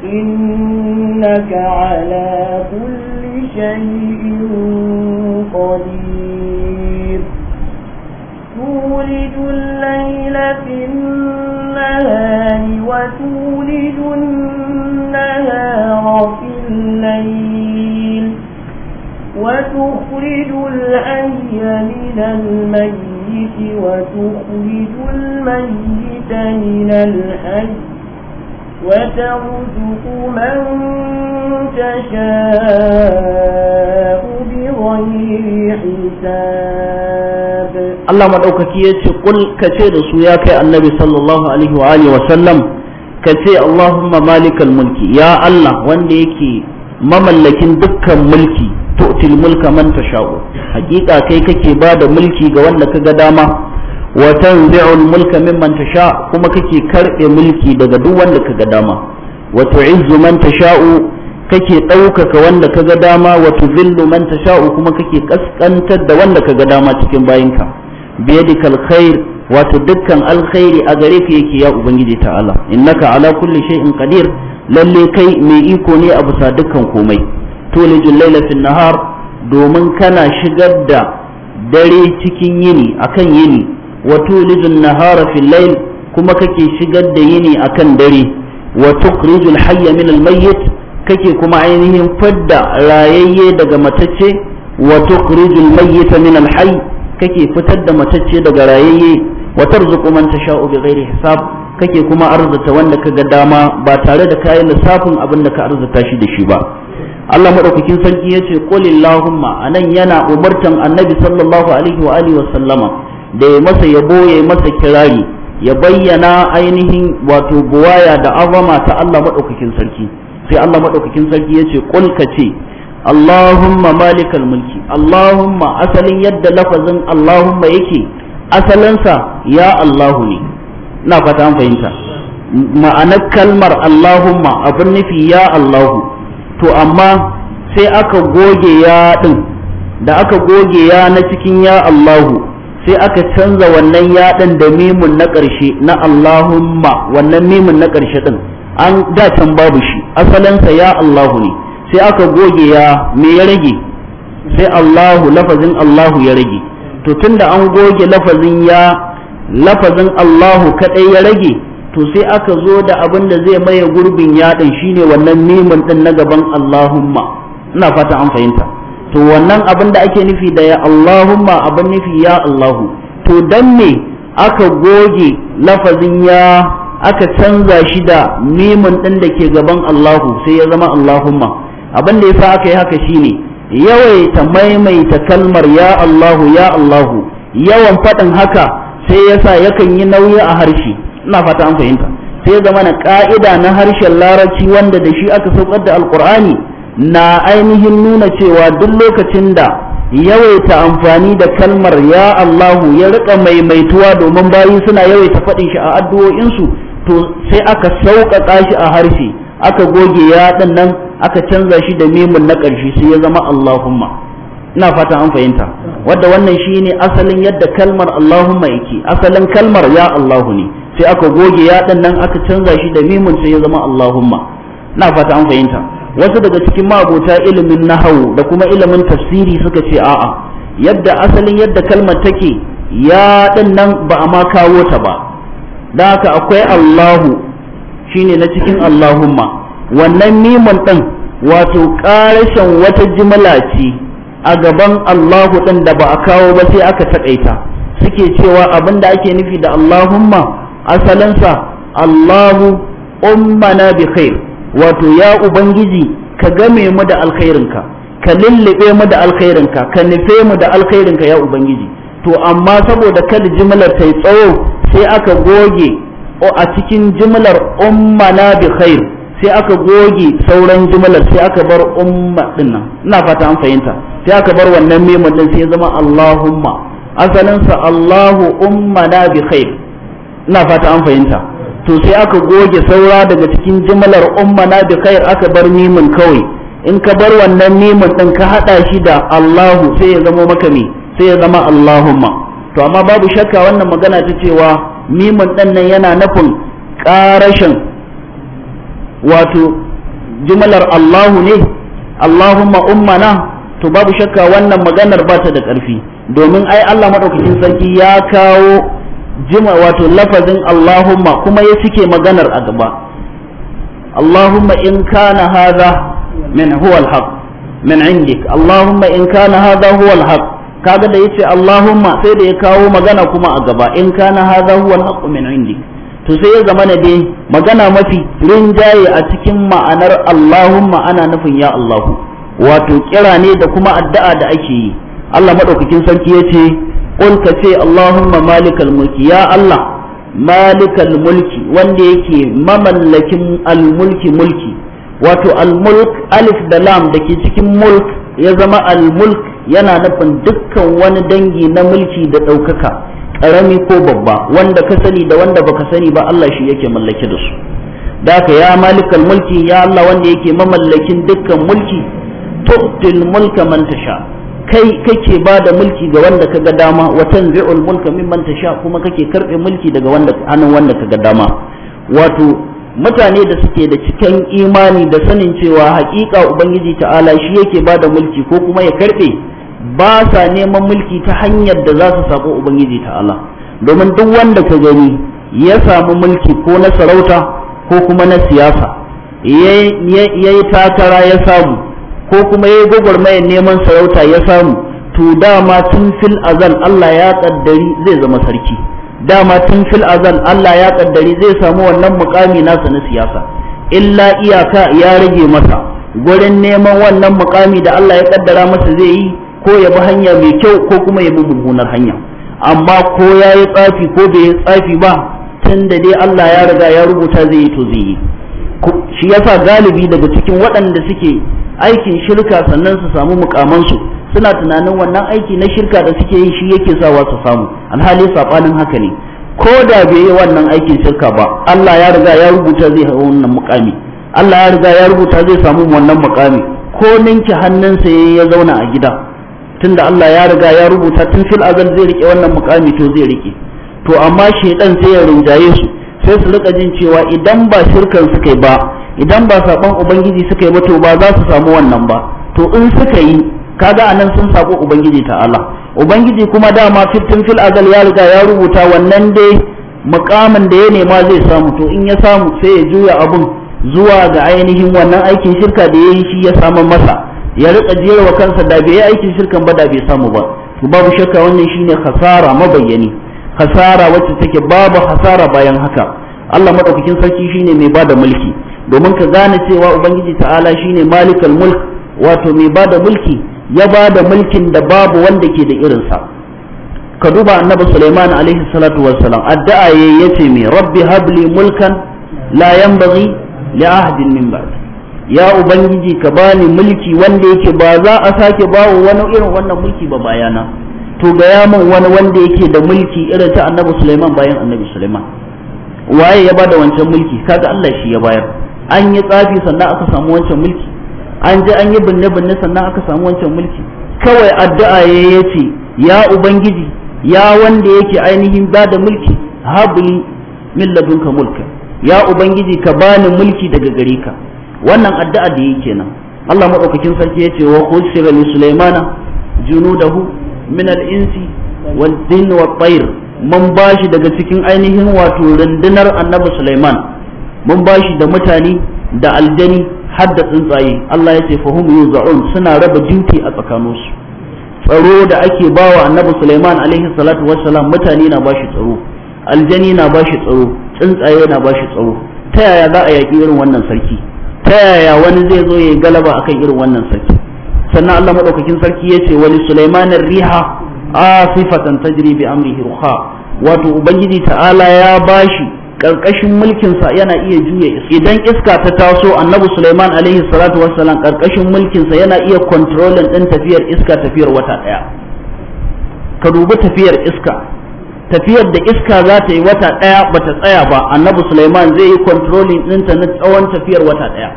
إنك على كل شيء قدير تولد الليل في النهار الليل وتولد النهار في الليل وتخرج الحي من الميت وتخرج الميت من الحي وترزق من تشاء بغير حساب Allah maɗaukaki ya ce kul ka ce da su ya kai annabi sallallahu alaihi wa alihi wa sallam ka ce Allahumma malikal mulki ya Allah wanda yake mamallakin dukkan mulki tu'til mulka man tasha'u hakika kai kake ba da mulki ga wanda kaga dama wa tanzi'ul mulka mimman tasha kuma kake karbe mulki daga duk wanda kaga dama wa tu'izzu man tasha'u kake ɗaukaka wanda kaga dama wa tuzillu man tasha'u kuma kake kaskantar da wanda kaga dama cikin bayinka biyadika alkhair wato dukkan alkhairi a gare ka yake ya ubangiji ta'ala ka ala kulle shay'in qadir lalle kai mai iko ne a busa dukkan komai tulijul layla fil nahar domin kana shigar da dare cikin yini akan yini wa tulijul nahara fil layl kuma kake shigar da yini akan dare wa tukhrijul hayya min al mayyit kake kuma ainihin fadda rayayye daga matace wa tukhrijul mayyita min al kake fitar da matacce daga rayayye wa tarzuqu man tasha'u bighairi hisab kake kuma arzuta wanda ka ga dama ba tare da kayan lissafin abin da ka arzuta shi da shi ba Allah madaukakin sarki yace qul illahumma anan yana umartan annabi sallallahu alaihi wa alihi wa sallama da ya masa yabo ya masa kirari ya bayyana ainihin wato buwaya da azama ta Allah madaukakin sarki sai Allah madaukakin sarki yace qul kace Allahumma malikal mulki Allahumma asalin yadda lafazin Allahumma yake asalinsa ya Allahu ne na fata an fahimta ma'anar kalmar Allahumma abin nufi ya Allahu to amma sai aka goge ya da aka goge ya na cikin ya Allahu sai aka canza wannan yaɗin da mimun na ƙarshe na Allahumma wannan mimun na ƙarshe ɗin an da can babu shi asalinsa ya Allahu ne sai aka goge ya me ya rage sai Allahu lafazin Allahu ya rage to tunda an goge lafazin ya lafazin Allahu kadai ya rage to sai aka zo da abin da zai maye gurbin din shine wannan neman din na gaban Allahumma ina fata an fahimta to wannan abin da ake nufi da ya Allahumma abin nufi ya Allahu to dan me aka goge lafazin ya aka canza shi da mimin din da ke gaban Allahu sai ya zama Allahumma abin da ya yasa aka yi haka shine yawaita maimaita kalmar ya Allahu ya Allahu yawan faɗin haka sai yasa yakan yi nauyi a harshe ina fata an fahimta sai zama na ka'ida na harshen larabci wanda da shi aka saukar da alkur'ani na ainihin nuna cewa duk lokacin da yawaita amfani da kalmar ya Allahu ya rika maimaituwa domin bayi suna yawaita faɗin shi a addu'o'insu to sai aka sauƙaƙa shi a harshe aka goge ya din nan aka canza shi da mimun na ƙarshe sai ya zama Allahumma ina fata an fahimta wadda wannan shi ne asalin yadda kalmar Allahumma yake asalin kalmar ya Allahu ne sai aka goge ya din nan aka canza shi da mimun sai ya zama Allahumma ina fata an fahimta wasu daga cikin mabota ilimin nahawu da kuma ilimin tafsiri suka ce a'a yadda asalin yadda kalmar take ya din nan ba a ma kawo ta ba da haka akwai Allahu shine na cikin Allahumma wannan mimun ɗin wato ƙarashin wata jimla ce a gaban Allahu ɗin da ba a kawo ba sai aka taƙaita suke cewa abin da ake nufi da Allahumma asalinsa Allahu ummana bi khair wato ya Ubangiji ka game mu da alkhairinka ka lullube mu da alkhairinka ka nufe mu da alkhairinka ya Ubangiji to amma saboda kada jimlar ta yi tsawo sai aka goge a cikin jimlar ummana bi khair sai aka goge sauran jimlar sai aka bar umma din nan ina fata an fahimta sai aka bar wannan memun din sai zama allahumma asalinsa allahu ummana bi khair ina fata an fahimta to sai aka goge saura daga cikin jimlar ummana bi khair aka bar mimin kawai in ka bar wannan mimin din ka hada shi da allahu sai ya zama maka me sai ya zama allahumma to amma babu shakka wannan magana ta cewa mimun ɗan nan yana nufin ƙarashin wato jimalar Allahu ne Allahumma ummana to babu shakka wannan maganar ba ta da ƙarfi domin ai Allah maɗaukacin sarki ya kawo jima wato lafazin Allahumma kuma ya suke maganar a gaba Allahumma in kana hadha min huwa al min indik Allahumma in kana hadha huwa al-haq kaga da yace Allahumma sai da ya kawo magana kuma a gaba in kana hadha huwa al-haqqu min indik to sai ya zama na dai magana mafi rinjaye a cikin ma'anar Allahumma ana nufin ya Allahu wato kira ne da kuma addu'a da ake yi Allah madaukakin sarki yace qul ka ce Allahumma malikal mulki ya Allah malikal mulki wanda yake mamallakin al-mulki mulki wato al-mulk alif da lam dake cikin mulk ya zama al-mulk yana nufin dukkan wani dangi na mulki da ɗaukaka ƙarami ko babba wanda ka sani da wanda baka sani ba Allah shi yake mallake da su daka ya malikal mulki ya Allah wanda yake mamallakin dukkan mulki tu'til mulka man tasha kai kake ba da mulki ga wanda kaga dama wa tanzi'ul mulka mimman tasha kuma kake karbe mulki daga wanda hannun wanda kaga dama wato mutane da suke da cikin imani da sanin cewa haƙiƙa ubangiji ta'ala shi yake ba da mulki ko kuma ya karbe ba sa neman mulki ta hanyar da za su sako ubangiji Allah, domin duk wanda ka gani ya samu mulki ko na sarauta ko kuma na siyasa ya yi takara ya samu ko kuma ya yi gwagwarmayar neman sarauta ya samu to dama tun fil azal Allah ya kaddari zai zama sarki dama tun fil azal Allah ya kaddari zai samu wannan mukami nasa na siyasa illa iyaka ya rage masa gurin neman wannan mukami da Allah ya kaddara masa zai yi ko ya bi hanya mai kyau ko kuma ya bi mummunar hanya amma ko ya yi tsafi ko bai yi tsafi ba tun da dai Allah ya riga ya rubuta zai yi to zai yi shi yasa galibi daga cikin waɗanda suke aikin shirka sannan su samu mukamansu suna tunanin wannan aiki na shirka da suke yi shi yake sawa su samu alhali sabanin haka ne ko da bai yi wannan aikin shirka ba Allah ya riga ya rubuta zai hau wannan mukami Allah ya riga ya rubuta zai samu wannan mukami ko ninki hannunsa ya zauna a gida tunda Allah ya riga ya rubuta tun fil azal zai rike wannan mukami to zai rike to amma shedan sai ya rinjaye su sai su rika jin cewa idan ba shirkan suka yi ba idan ba saban ubangiji suka yi ba to ba za su samu wannan ba to in suka yi kaga anan sun sako ubangiji ta'ala ubangiji kuma dama fitin fil azal ya riga ya rubuta wannan dai mukamin da ya nema zai samu to in ya samu sai ya juya abun zuwa ga ainihin wannan aikin shirka da ya yi shi ya samu masa ya rika wa kansa da bai aikin shirkan ba da bai samu ba to babu shakka wannan shine khasara mabayyani khasara wacce take babu khasara bayan haka Allah madaukakin sarki shine mai bada mulki domin ka gane cewa ubangiji ta'ala shine malikul mulk wato mai bada mulki ya bada mulkin da babu wanda ke da irin sa ka duba annabi Sulaiman alaihi salatu wassalam addu'a yayi yace mai rabbi habli mulkan la yanbaghi li ahadin min ba'di ya ubangiji ka bani mulki wanda yake ba za a sake bawo wani irin wannan mulki ba bayana to gaya min wani wanda yake da mulki irin ta annabi Sulaiman bayan annabi Sulaiman waye ya bada wancan mulki kaga Allah shi ya bayar an yi tsafi sannan aka samu wancan mulki an je an yi binne binne sannan aka samu wancan mulki kawai addu'a ya ce ya ubangiji ya wanda yake ainihin ba da mulki habli min ladunka mulka ya ubangiji ka bani mulki daga gare ka wannan addu'a da yake kenan Allah madaukakin sarki yace wa qusira li sulaimana junudahu min al-insi wal jinn wa tayr mun bashi daga cikin ainihin wato rundunar annabi Sulaiman mun bashi da mutane da aljani har da tsuntsaye Allah ya ce fahum yuzaun suna raba duty a tsakaninsu tsaro da ake bawa annabi Sulaiman alaihi salatu wassalam mutane na bashi tsaro aljani na bashi tsaro tsuntsaye na bashi tsaro ta yaya za a yaki irin wannan sarki ta yaya wani zai zo ya galaba akan irin wannan sarki sannan Allah madaukakin sarki ya ce wani Sulaiman riha asifatan tajri bi amrihi ruha wato ubangiji ta'ala ya bashi ƙarƙashin mulkin sa yana iya juya idan iska ta taso annabi Sulaiman alaihi salatu wassalam karkashin mulkin sa yana iya controlling din tafiyar iska tafiyar wata ɗaya. ka dubi tafiyar iska tafiyar da iska za ta yi wata ɗaya ba ta tsaya ba annabi suleiman zai yi controlling ɗinta na tsawon tafiyar wata ɗaya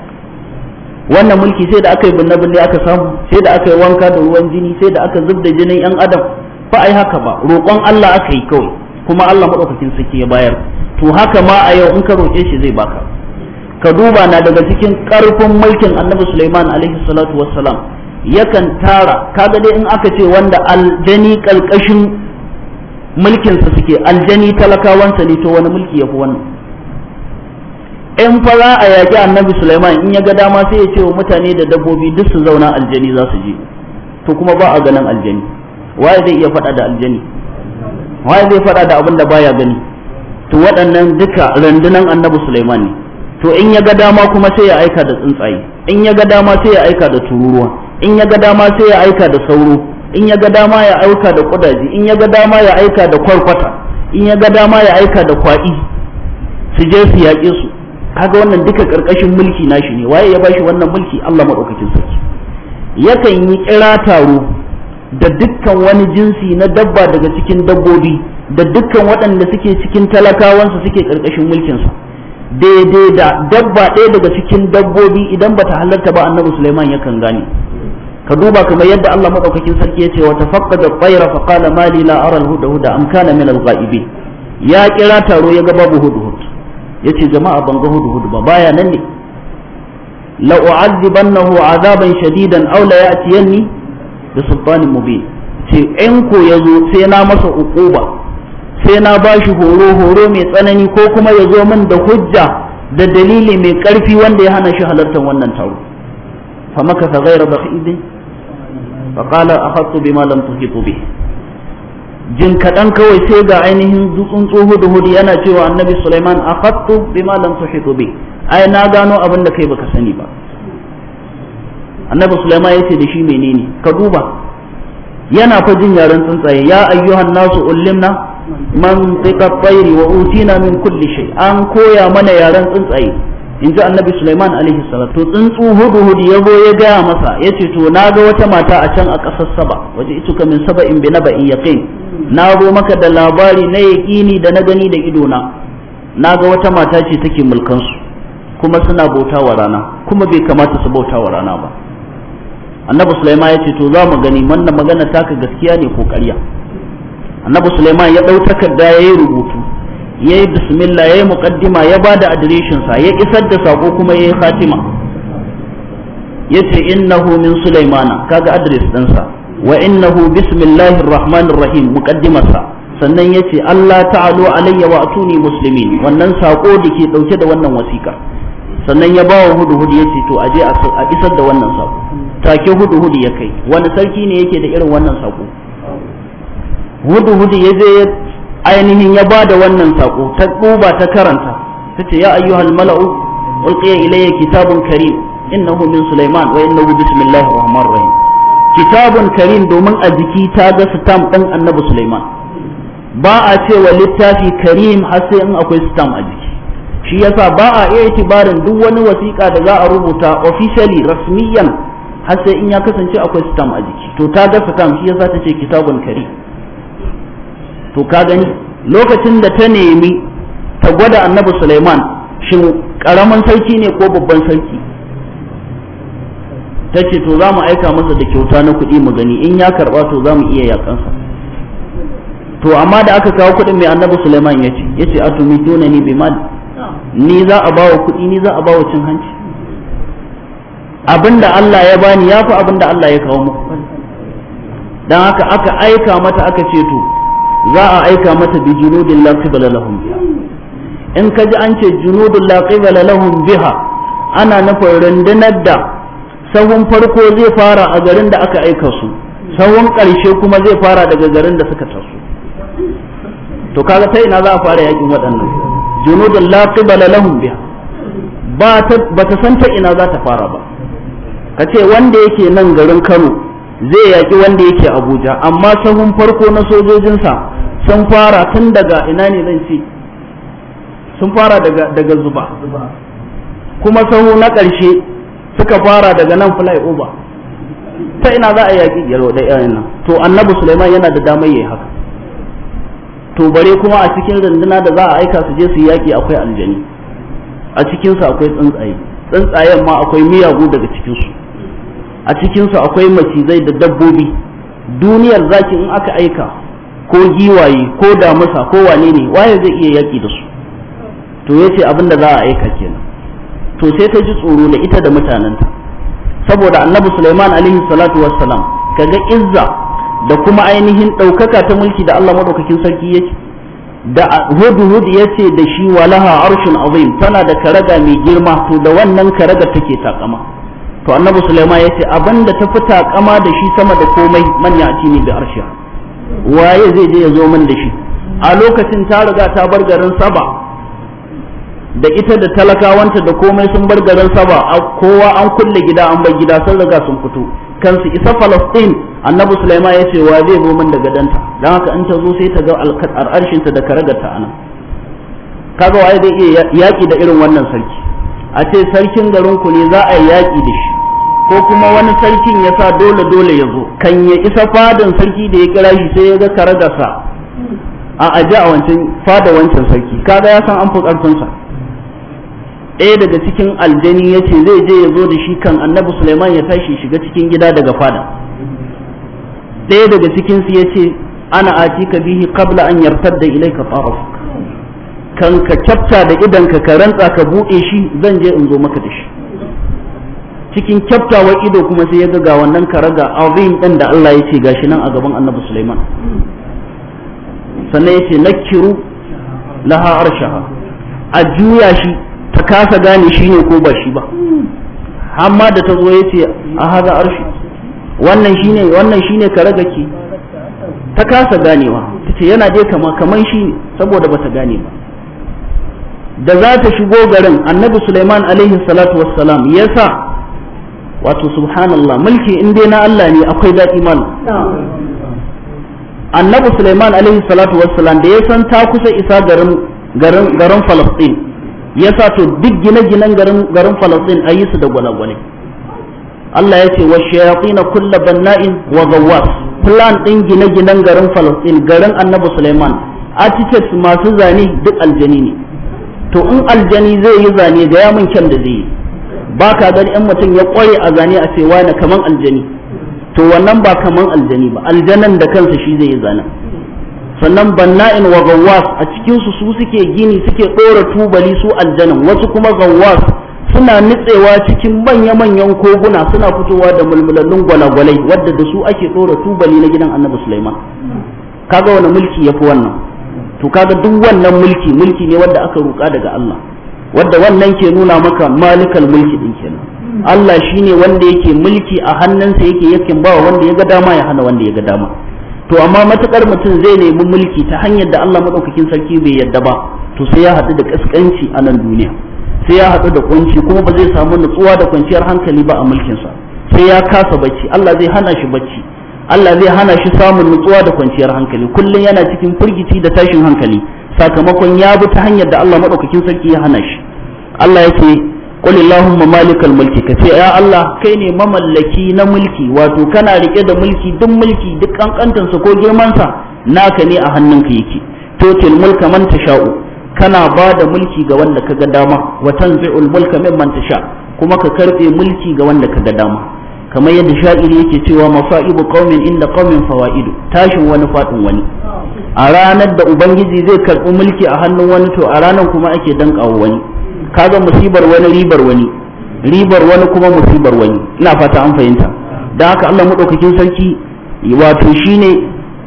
wannan mulki sai da aka yi binne-binne aka samu sai da aka yi wanka da ruwan jini sai da aka zub da jinin yan adam ba ai haka ba roƙon Allah aka yi kawai kuma Allah madaukakin saki ya bayar to haka ma a yau in ka roƙe shi zai baka ka duba na daga cikin ƙarfin mulkin annabi Suleiman alaihi salatu wassalam yakan tara kaga dai in aka ce wanda aljani kalkashin mulkinsa suke aljani talakawansa ne to wani mulki ya fi wannan in fa za a yaƙi annabi Sulaiman in ya ga dama sai ya ce wa mutane da dabbobi duk su zauna aljani za su je to kuma ba a ganin aljani waye zai iya faɗa da aljani waye zai faɗa da abin da baya gani to waɗannan duka rundunan annabi Sulaiman ne to in ya ga dama kuma sai ya aika da tsuntsaye in ya ga dama sai ya aika da tururuwa in ya ga dama sai ya aika da sauro in ya ga dama ya aika da kudaji in ya ga dama ya aika da kwarkwata in ya ga dama ya aika da kwa'i su je su yaƙe su kaga wannan duka ƙarƙashin mulki nashi ne waye ya bashi wannan mulki Allah maɗaukakin sarki yakan yi kira taro da dukkan wani jinsi na dabba daga cikin dabbobi da dukkan waɗanda suke cikin talakawansa suke ƙarƙashin mulkinsa daidai da dabba ɗaya daga cikin dabbobi idan bata halarta ba annabi suleiman yakan gane ka duba kamar yadda Allah madaukakin sarki ya ce wa tafaqqada at-tayra fa qala ma li la ara al-hudhuda am kana min al-ghaibin ya kira taro ya ga babu hudhud yace jama'a ban ga hudu-hudu ba baya nan ne la u'adhibannahu 'adaban shadidan aw la ya'tiyanni bi sultanin mubin ce in ko yazo sai na masa ukuba sai na bashi horo horo mai tsanani ko kuma yazo min da hujja da dalili mai karfi wanda ya hana shi halartar wannan taro fa maka fa ghayra ba'idin fa qala akhadtu bima lam tuhitu bi jin kadan kawai sai ga ainihin dutsun tsoho da hudu yana cewa annabi Sulaiman akhadtu bima lam tuhitu bi ai na gano abin da kai baka sani ba annabi Sulaiman yace da shi menene ka duba yana fa jin yaren tsuntsaye ya ayyuhan nasu ullimna man tiqa tsairi wa utina min kulli shay an koya mana yaren tsuntsaye in ji annabi Sulaiman alaihi salatu tsuntsu hudu hudu ya zo ya gaya masa ya ce to na ga wata mata a can a ƙasar saba waje ita ka min saba in bi na ba'in yaqin na zo maka da labari na yaqini da na gani da ido na ga wata mata ce take mulkan su kuma suna bauta wa rana kuma bai kamata su bauta wa rana ba annabi Sulaiman ya ce to za mu gani wannan magana taka gaskiya ne ko ƙarya annabi Sulaiman ya ɗau takarda ya yi rubutu ya yi bismillah ya yi muƙaddima ya ba da adireshinsa ya isar da saƙo kuma ya yi fatima ya ce innahu min sulaimana kaga adres ɗinsa wa innahu bismillahir rahmanir rahim muƙaddimarsa sannan ya ce Allah ta'alu alayya wa atuni muslimin wannan saƙo da ke ɗauke da wannan wasiƙa sannan ya bawa hudu hudu ya ce to a je a isar da wannan saƙo take hudu hudu ya kai wani sarki ne yake da irin wannan saƙo hudu hudu ya je ainihin ya bada wannan sako ta duba ta karanta tace ya ayyuhal mala'u ulqiya ilayya kitabun karim innahu min sulaiman wa innahu bismillahir rahmanir rahim kitabun karim domin a jiki ta ga stamp din annabi sulaiman ba a cewa littafi karim har sai in akwai stamp a jiki shi yasa ba a iya itibarin duk wani wasiƙa da za a rubuta officially rasmiyan har sai in ya kasance akwai stamp a jiki to ta ga stamp shi yasa tace kitabun karim to ka gani lokacin da ta nemi ta gwada annabi Sulaiman shin karamin sarki ne ko babban sarki ta ce to za mu aika masa da kyauta na kuɗi mu gani in ya karɓa to za mu iya yaƙansa? to amma da aka kawo kuɗin mai annabi Sulaiman ya ce ya ce tuna ni bi mal ni za a bawa kuɗi ni za a bawa cin hanci abinda Allah ya bani ya fi abinda Allah ya kawo muku dan haka aka aika mata aka ce to za a aika mata bi junudin la qibla lahum biha in ji an ce junudin la qibla lahum biha ana nufin rundunar da sahun farko zai fara a garin da aka aika su sahun ƙarshe kuma zai fara daga garin da suka taso to kaga ta ina za a fara yakin waɗannan junudin la qibla lahum biha ba ta san ta ina za ta fara ba ka ce wanda yake nan garin Kano zai yaƙi wanda yake Abuja amma sahun farko na sojojinsa sun fara tun daga ina ne zan ce sun fara daga zuba kuma sahu na ƙarshe suka fara daga nan fly over ta ina za a yaƙi yaro da yayin nan to annabi suleiman yana da damar yayi haka to bare kuma a cikin runduna da za a aika su je su yaƙi akwai aljani a cikin su akwai tsuntsaye tsuntsayen ma akwai miyagu daga cikin su a cikin su akwai macizai da dabbobi duniyar zaki in aka aika ko giwaye ko damusa ko wane ne waye zai iya yaki da su to ya ce abin da za a aika kenan to sai ta ji tsoro da ita da mutanenta saboda annabi Sulaiman alaihi salatu wassalam kaga izza da kuma ainihin ɗaukaka ta mulki da Allah madaukakin sarki yake da hudhud yace da shi walaha arshun azim tana da karaga mai girma to da wannan karaga take takama to annabi Sulaiman yace abinda ta fi takama da shi sama da komai manya ne da arshin waye zai je ya zo min da shi a lokacin ta riga ta bar garin saba da ita da talakawanta da komai sun bar garin saba kowa an kulle gida an bar gida sun riga sun fito kansu isa falastin annabi sulaiman ya ce wa zai zo min da gadanta don haka in ta zo sai ta ga ta da karagarta anan kaga waye zai iya yaƙi da irin wannan sarki a ce sarkin garin ku ne za a yi yaƙi da shi ko kuma wani sarkin ya sa dole dole ya zo kan ya isa fadan sarki da ya kira shi sai ya ga karagarsa a aje a wancan fada wancan sarki kaga ya san an fi karfinsa ɗaya daga cikin aljani ya ce zai je ya zo da shi kan annabi suleiman ya tashi shiga cikin gida daga fada ɗaya daga cikinsu ya ce ana ati ka bihi qabla an yartar da ilai ka kan ka capta da idan ka rantsa ka buɗe shi zan je in zo maka da shi cikin kyaftawar ido kuma sai ya ga ga wannan karaga azim din da Allah ya ce gashi nan a gaban Annabi Sulaiman sannan ya ce nakiru laha arshaha a juya shi ta kasa gane shi ne ko ba shi ba amma da ta zo ya ce a haza arshi wannan shine wannan shine karaga ki ta kasa ganewa ta ce yana dai kama kaman shi ne saboda bata gane ba da za ta shigo garin annabi Sulaiman alaihi salatu wassalam ya sa wato subhanallah mulki in dai na Allah ne akwai daɗi malu annabi Sulaiman alaihi salatu wassalam da ya san ta kusa isa garin garin garin Falastin ya sa to duk gine-ginen garin garin Falastin ayi su da gwalagwale Allah ya ce wa shayatin kulla banna'in wa gawwas plan din gine-ginen garin Falastin garin annabi Sulaiman architects masu zane duk aljani ne to in aljani zai yi zane gaya yamin kyan da zai yi ba ka gani in mutum ya kware a zane a ce wane kaman aljani to wannan ba kaman aljani ba aljanan da kansa shi zai yi zana, sannan banna'in wa gawas a cikinsu su suke gini suke ɗora tubali su aljanan wasu kuma gawas suna nitsewa cikin manya-manyan koguna suna fitowa da mulmulallun gwalagwalai wadda da su ake ɗora tubali na gidan annabi sulaiman kaga wani mulki ya fi wannan to kaga duk wannan mulki mulki ne wanda aka ruka daga allah wadda wannan ke nuna maka malikal mulki din kenan Allah shine wanda yake mulki a hannunsa yake yakin bawa wanda ya ga dama ya hana wanda ya ga dama to amma matukar mutum zai nemi mulki ta hanyar da Allah madaukakin sarki bai yadda ba to sai ya haɗu da kaskanci a nan duniya sai ya haɗu da kunci kuma ba zai samu nutsuwa da kwanciyar hankali ba a mulkin sa. sai ya kasa bacci Allah zai hana shi bacci Allah zai hana shi samun nutsuwa da kwanciyar hankali kullum yana cikin firgici da tashin hankali sakamakon ya bi ta hanyar da Allah madaukakin sarki ya hana shi Allah yake qul allahumma malikal mulki ka ce ya Allah kai ne mamallaki na mulki wato kana rike da mulki duk mulki duk kankantan sa ko girman sa naka ne a hannunka yake til mulka man tasha'u kana ba da mulki ga wanda kaga dama wa tanzi'ul mulka mimman tasha kuma ka karbe mulki ga wanda ka ga dama kamar yadda sha'iri yake cewa masa'ibu qaumin inda qaumin fawaidu tashin wani fadin wani a ranar da ubangiji zai karbi mulki a hannun wani to a ranar kuma ake dankawa wani kaga musibar wani ribar wani ribar wani kuma musibar wani ina fata an fahimta dan haka Allah madaukakin sarki wato shine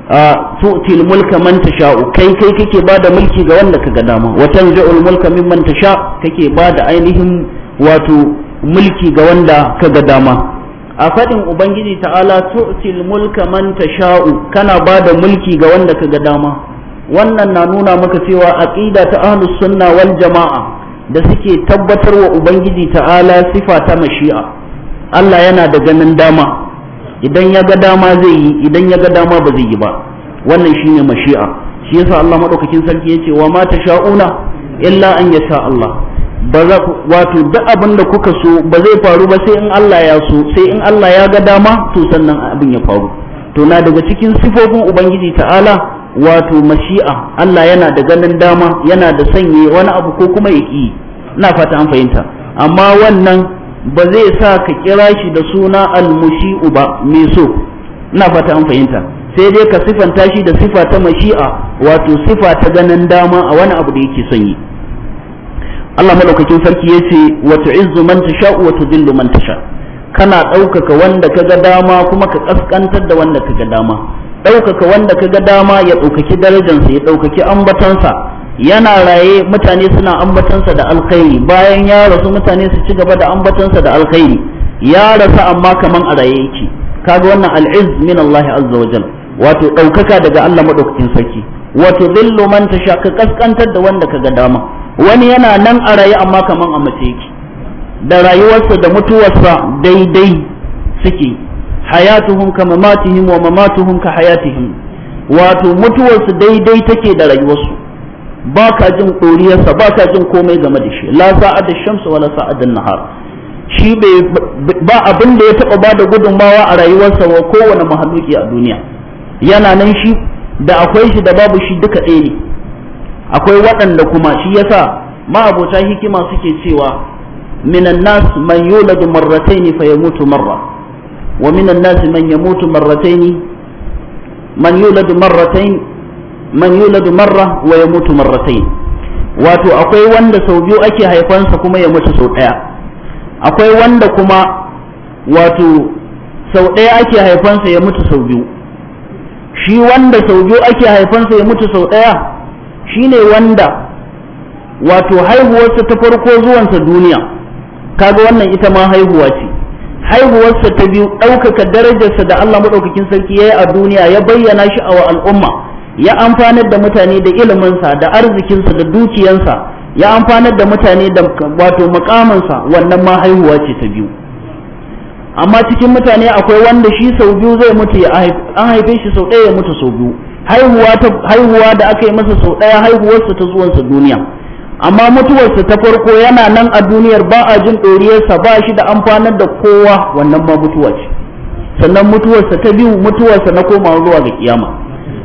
a tu'til mulka man tasha'u kai kai kake bada mulki ga wanda kaga dama watan ja'ul mulka mimman tasha kake bada ainihin wato mulki ga wanda kaga dama a faɗin ubangiji ta'ala tu'til mulka man tasha'u kana ba da mulki ga wanda ka ga dama wannan na nuna maka cewa aqida ta ahlus sunna wal jama'a da suke tabbatar wa ubangiji ta'ala sifa ta mashi'a Allah yana da ganin dama idan ya ga dama zai yi idan ya ga dama ba zai yi ba wannan shine mashi'a shi yasa Allah madaukakin sarki yace wa ma tasha'una illa an yasha Allah ba za wato duk abin da kuka so ba zai faru ba sai in Allah ya so sai in Allah ya ga dama to sannan abin ya faru to na daga cikin sifofin ubangiji ta'ala wato mashi'a Allah yana da ganin dama yana da sanye wani abu ko kuma ya ki ina fata an fahimta amma wannan ba zai sa ka kira shi da suna al-mushi'u ba me so ina fata an fahimta sai dai ka sifanta shi da sifa ta mashi'a wato sifa ta ganin dama a wani abu da yake sanye Allah madaukakin sarki yace wa tu'izzu man tasha'u wa tudillu man tasha kana ɗaukaka wanda kaga dama kuma ka kaskantar da wanda kaga dama ɗaukaka wanda ka ga dama ya ɗaukaki darajansa ya ɗaukaki ambatansa yana raye mutane suna ambatansa da alkhairi bayan ya rasu mutane su ci gaba da ambatansa da alkhairi ya rasu amma kaman a raye yake kaga wannan al'iz min Allah azza wa jal wato ɗaukaka daga Allah madaukakin sarki wato zillu man tasha ka kaskantar da wanda kaga dama wani yana nan a rayu amma kaman a mace yake da rayuwarsa da mutuwarsa daidai suke hayatuhum ka mamatihim wa mamatuhum ka hayatihim wato mutuwarsu daidai take da rayuwarsu ba ka jin ƙoriyarsa ba ka jin komai game da shi la sa'ad shamsu wala sa'ad nahar shi ba abin da ya taba ba da gudunmawa a rayuwarsa wa kowane mahaluki a duniya yana nan shi da akwai shi da babu shi duka ɗaya ne akwai waɗanda kuma shi yasa ma'abota hikima suke cewa minan nas man yuladu marrataini fa yamutu marra wa minan nas man yamutu marrataini man yuladu marrataini man yuladu marra wa yamutu marrataini wato akwai wanda sau biyu ake haifansa kuma ya mutu sau ɗaya akwai wanda kuma wato sau ɗaya ake haifansa ya mutu sau biyu shi wanda sau biyu ake haifansa ya mutu sau ɗaya Shi ne wanda wato haihuwarsa ta farko zuwansa duniya kaga wannan ita ma haihuwa ce haihuwarsa ta biyu ɗaukaka darajarsa da Allah maɗaukakin sarki ya yi a duniya ya bayyana shi a wa al'umma ya amfanar da mutane da iliminsa da arzikinsa da dukiyansa ya amfanar da mutane da wato makamansa wannan ma haihuwa ce ta biyu amma cikin mutane akwai wanda shi sau biyu zai mutu an haife shi sau ɗaya ya mutu sau biyu haihuwa da aka yi masa sau ɗaya haihuwarsa ta zuwansa duniya amma mutuwarsa ta farko yana nan a duniyar ba a jin ɗoriyarsa ba shi da amfanar da kowa wannan ma mutuwa ce sannan mutuwarsa ta biyu mutuwarsa na komawa zuwa ga kiyama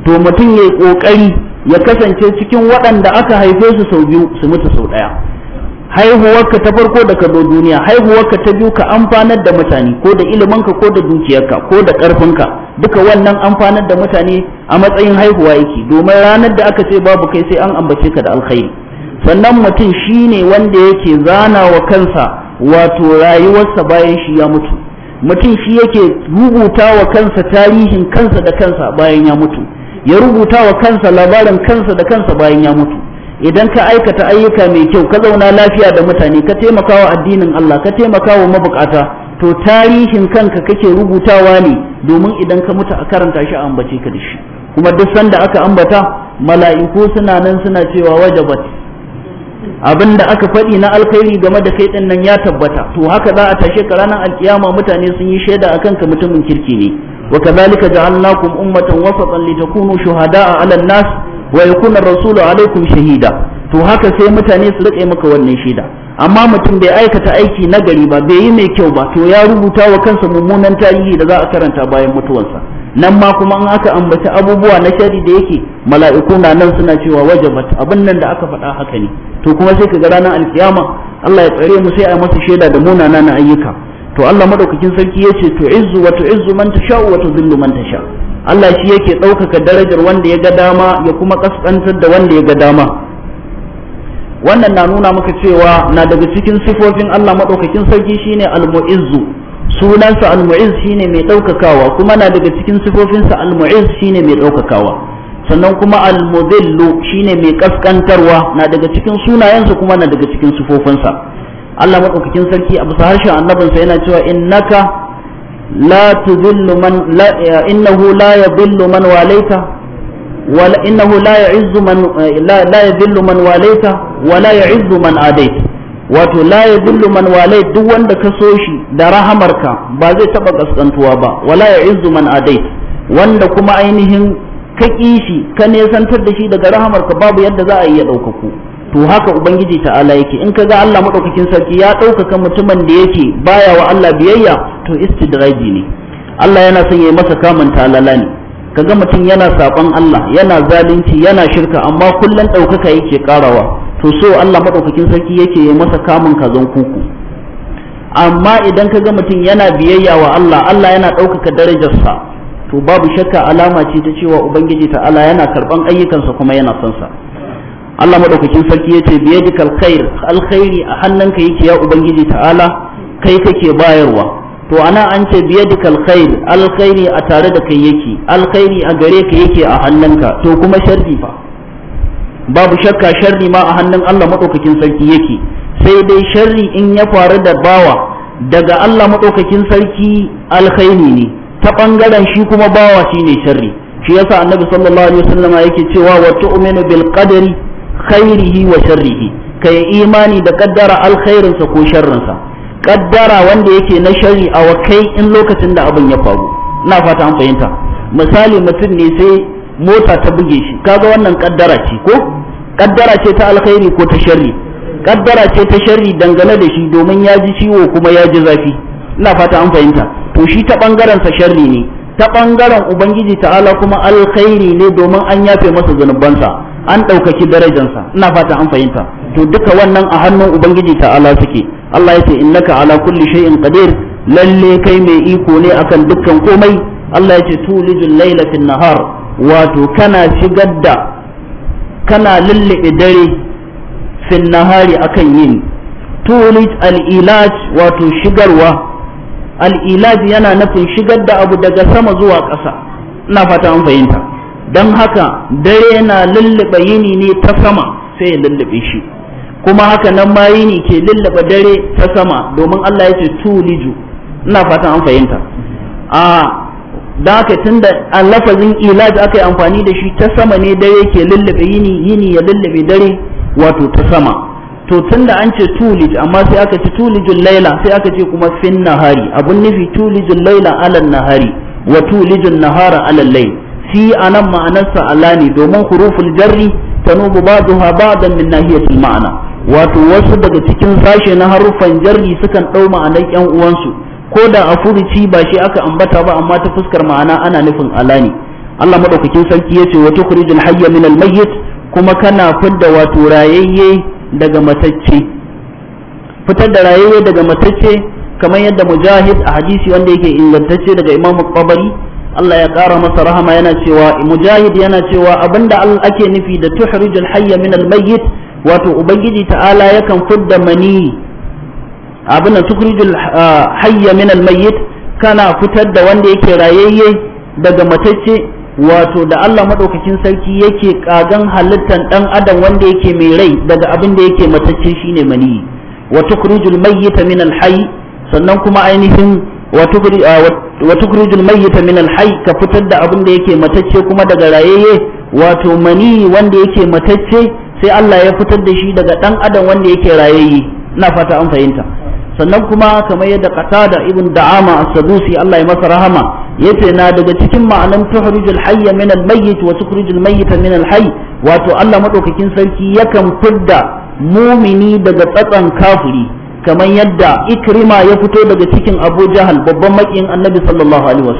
to mutum ya yi ƙoƙari ya kasance cikin waɗanda aka haife su sau biyu su mutu sau ɗaya haihuwarka ta farko da ka zo duniya haihuwarka ta biyu ka amfanar da mutane ko da iliminka ko da dukiyarka ko da ƙarfinka duka wannan amfanar da mutane a matsayin haihuwa yake domin ranar da aka ce babu kai sai an ambace ka da alkhairi sannan mutum shine wanda yake zana wa kansa wato rayuwarsa bayan shi ya mutu mutum shi yake rubuta wa kansa tarihin kansa da kansa bayan ya mutu ya rubuta wa kansa labarin kansa da kansa bayan ya mutu idan ka aikata ayyuka mai kyau ka zauna lafiya da mutane ka taimakawa addinin Allah ka taimakawa mabukata to tarihin kanka kake rubutawa ne domin idan ka mutu a karanta shi a ambace ka da kuma duk sanda aka ambata mala'iku suna nan suna cewa wajabat abin da aka faɗi na alkhairi game da kai nan ya tabbata to haka za a tashe ka ranar alkiyama mutane sun yi shaida akan ka mutumin kirki ne wa kadhalika ja'alnakum ummatan wasatan litakunu shuhada'a 'alan nas wa yakuna rasulu alaikum shahida to haka sai mutane su rike maka wannan shaida amma mutum bai aikata aiki na gari ba bai yi mai kyau ba to ya rubuta wa kansa mummunan tarihi da za a karanta bayan mutuwarsa nan ma kuma an aka ambaci abubuwa na shari da yake mala'iku na nan suna cewa wajabat abin nan da aka faɗa haka ne to kuma sai ka ga ranar alkiyama Allah ya tsare mu sai a masa shaida da munana na ayyuka to Allah madaukakin sarki yace tu'izzu wa tu'izzu man tasha wa tudhillu man tasha Allah shi yake ɗaukaka darajar wanda ya ga dama ya kuma kaskantar da wanda ya ga dama wannan na nuna maka cewa na daga cikin sifofin Allah maɗaukakin sarki shine al sunansa almu'iz shine mai ɗaukakawa kuma na daga cikin sifofinsa almu'iz shine mai ɗaukakawa sannan kuma al shine mai kaskantarwa na daga cikin sunayensa kuma na daga cikin sifofinsa Allah maɗaukakin sarki a bisa harshen annabinsa yana cewa innaka لا تذل من لا إنه لا يذل من واليت ولا إنه لا يعز من لا لا يذل من واليت ولا يعز من عاديت wato la ya dillu man walai duk wanda ka so shi da rahamarka ba zai taba kaskantuwa ba wala ya izzu man adai wanda kuma ainihin ka shi ka nesantar da shi daga rahamarka babu yadda za a iya ɗaukaku to haka ubangiji ta'ala yake in kaga Allah madaukakin sarki ya ɗaukaka mutumin da yake baya wa Allah biyayya to istidraji ne Allah yana son ya yi masa kamun talala ne kaga mutum yana saban Allah yana zalunci yana shirka amma kullum ɗaukaka yake karawa to so Allah madaukakin sarki yake yayi masa kamun kazan kuku amma idan ka ga mutum yana biyayya wa Allah Allah yana ɗaukaka darajarsa to babu shakka alama ce ta cewa ubangiji ta'ala yana karɓan ayyukansa kuma yana son sa Allah madaukakin sarki yace ce yadika alkhair alkhairi a hannunka yake ya ubangiji ta'ala kai kake bayarwa to ana an ce biyadika yadika alkhair alkhairi a tare da kai yake alkhairi a gare ka yake a hannunka to kuma sharri fa babu shakka sharri ma a hannun Allah madaukakin sarki yake sai dai sharri in ya faru da bawa daga Allah maɗaukakin sarki alkhairi ne ta ɓangaren shi kuma bawa shine sharri shi yasa annabi sallallahu alaihi wasallama yake cewa wa tu'minu bil qadari khairihi wa sharrihi kai imani da kaddara alkhairinsa ko sharrinsa kaddara wanda yake na sharri a wa kai in lokacin da abin ya faru ina fata an fahimta misali mutum ne sai mota ta buge shi kaga wannan kaddara ce ko kaddara ce ta alkhairi ko ta sharri kaddara ce ta sharri dangane da shi domin ya ji ciwo kuma ya ji zafi ina fata an fahimta to shi ta bangaren sa sharri ne ta bangaren ubangiji ta'ala kuma alkhairi ne domin an yafe masa zunubansa an ɗaukaki darajansa ina fata an fahimta to duka wannan a hannun ubangiji ta'ala suke Allah ya ce innaka ala kulli shay'in qadir lalle kai mai iko ne akan dukkan komai Allah ya ce tulijul layla fin nahar wato kana shigar da kana lullube dare fin nahari akan yin tulij al-ilaj wato shigarwa al-ilaj yana nufin shigar da abu daga sama zuwa ƙasa ina fata an fahimta don haka dare na lullube yini ne ta sama sai ya lullube shi kuma haka nan ma yini ke lullube dare ta sama domin Allah ya ce tuliju ina fatan an fahimta a da haka tunda a lafazin ilaj aka yi amfani da shi ta sama ne dare ke lullube yini yini ya lullube dare wato ta sama to tunda an ce tulij amma sai aka ce tulijul laila sai aka ce kuma fin nahari abun nufi tulijul laila alal nahari wa tulijul nahara alal layl di nan ma'anarsa ala ne domin huruful jarri tanubu ba'daha ba'dan min nahiyatil ma'ana wato wasu daga cikin sashe na haruffan jarri sukan ɗau ma'anar yan uwansu ko da a furuci ba shi aka ambata ba amma ta fuskar ma'ana ana nufin ala ne Allah madaukakin sarki yace wa tukhrijul hayya min al mayyit kuma kana fidda wato fitar da rayeye daga matacce kamar yadda mujahid a hadisi wanda yake ingantacce daga imamu tabari Allah ya ƙara masa rahama yana cewa mujahid yana cewa abinda ake nufi da tuhrijul hayya min almayyit wato ubangiji ta'ala yakan fudda mani abinda tuhrijul ah, hayya min almayyit kana fitar da wanda yake rayayye daga matacce wato da Allah madaukakin sarki yake kagan halittan dan adam wanda yake mai rai daga abin da yake matacce shine mani wa tukhrijul mayyita min alhayy sannan kuma ainihin wa tukhrijul mayyita min al-hayy ka fitar da abin da yake matacce kuma daga rayayye wato mani wanda yake matacce sai Allah ya fitar da shi daga dan adam wanda yake rayayye na fata an fahimta sannan kuma kamar yadda qatada ibn da'ama as-sadusi Allah ya masa rahama yace na daga cikin ma'anan tukhrijul hayya min al-mayyit wa tukhrijul mayyita min al-hayy wato Allah madaukakin sarki yakan fidda mumini daga tsatsan kafiri kamar yadda ikrima ya fito daga cikin abu babban makiyin annabi sallallahu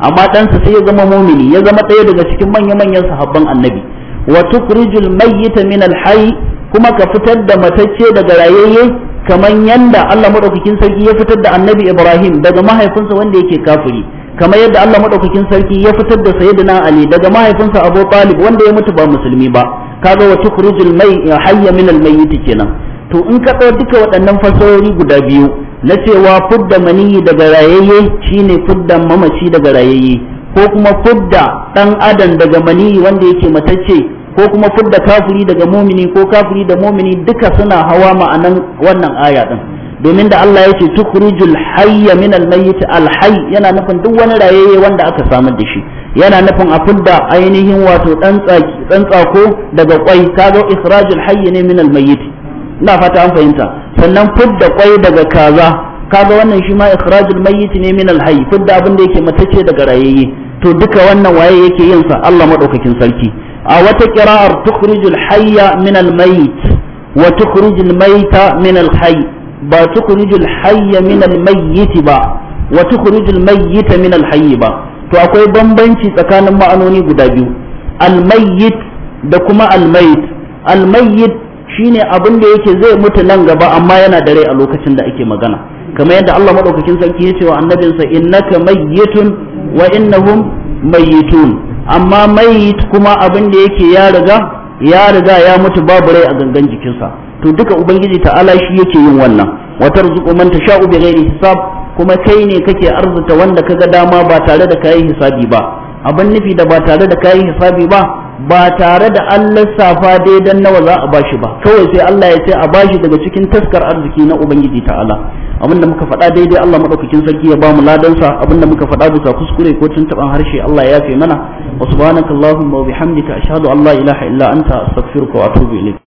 amma ɗansa sai ya zama mumini ya zama daya daga cikin manya-manyan sahabban annabi wa mai mayyita minal alhayy kuma ka fitar da matacce daga rayayye kamar yadda Allah madaukakin sarki ya fitar da annabi Ibrahim daga mahaifinsa wanda yake kafiri kamar yadda Allah madaukakin sarki ya fitar da sayyidina Ali daga mahaifinsa Abu Talib wanda ya mutu ba musulmi ba kaga wa tukrijul hayya min almayyit kenan to in ka ɗau duka waɗannan fasarori guda biyu na cewa fudda maniyi daga rayayye shine fudda mamaci daga rayayye ko kuma fudda ɗan adam daga maniyi wanda yake matacce ko kuma fudda kafiri daga mumini ko kafiri da mumini duka suna hawa ma'anan wannan aya din domin da Allah ya ce tukhrijul hayya min al mayyit al hayy yana nufin duk wani rayayye wanda aka samar da shi yana nufin a fudda ainihin wato dan tsaki dan tsako daga kwai kaga ikhrajul hayyi ne min al mayyit ina fata an fahimta sannan fudda kwai daga kaza kaga wannan shi ma ikhrajul mayyit ne min alhayy fudda abin da yake matace daga rayayye to duka wannan waye yake yin sa Allah madaukakin sarki a wata qira'ar tukhrijul hayya min almayyit wa tukhrijul mayta min alhayy ba tukhrijul hayya min almayyit ba wa tukhrijul mayyita min alhayy ba to akwai bambanci tsakanin ma'anoni guda biyu almayyit da kuma almayit almayyit shine abin da yake zai mutu nan gaba amma yana da rai a lokacin da ake magana kamar yadda Allah madaukakin sarki ya ce wa annabinsa innaka mayyitun wa innahum mayyitun amma mayyit kuma abin da yake ya riga ya riga ya mutu babu rai a gangan jikinsa to duka ubangiji ta'ala shi yake yin wannan wa tarzuqu man tasha'u ghairi hisab kuma kai ne kake arzuta wanda kaga dama ba tare da kayi hisabi ba abin nufi da ba tare da kayi hisabi ba ba tare da an lissafa daidan nawa za a bashi ba kawai sai Allah ya ce a bashi daga cikin taskar arziki na ubangiji ta'ala abin da muka faɗa daidai Allah madaukakin sarki ya bamu ladansa abin da muka faɗa bisa kuskure ko tuntuban harshe Allah ya yafe mana wa subhanakallahumma wa bihamdika ashhadu an la ilaha illa anta astaghfiruka wa atubu ilayk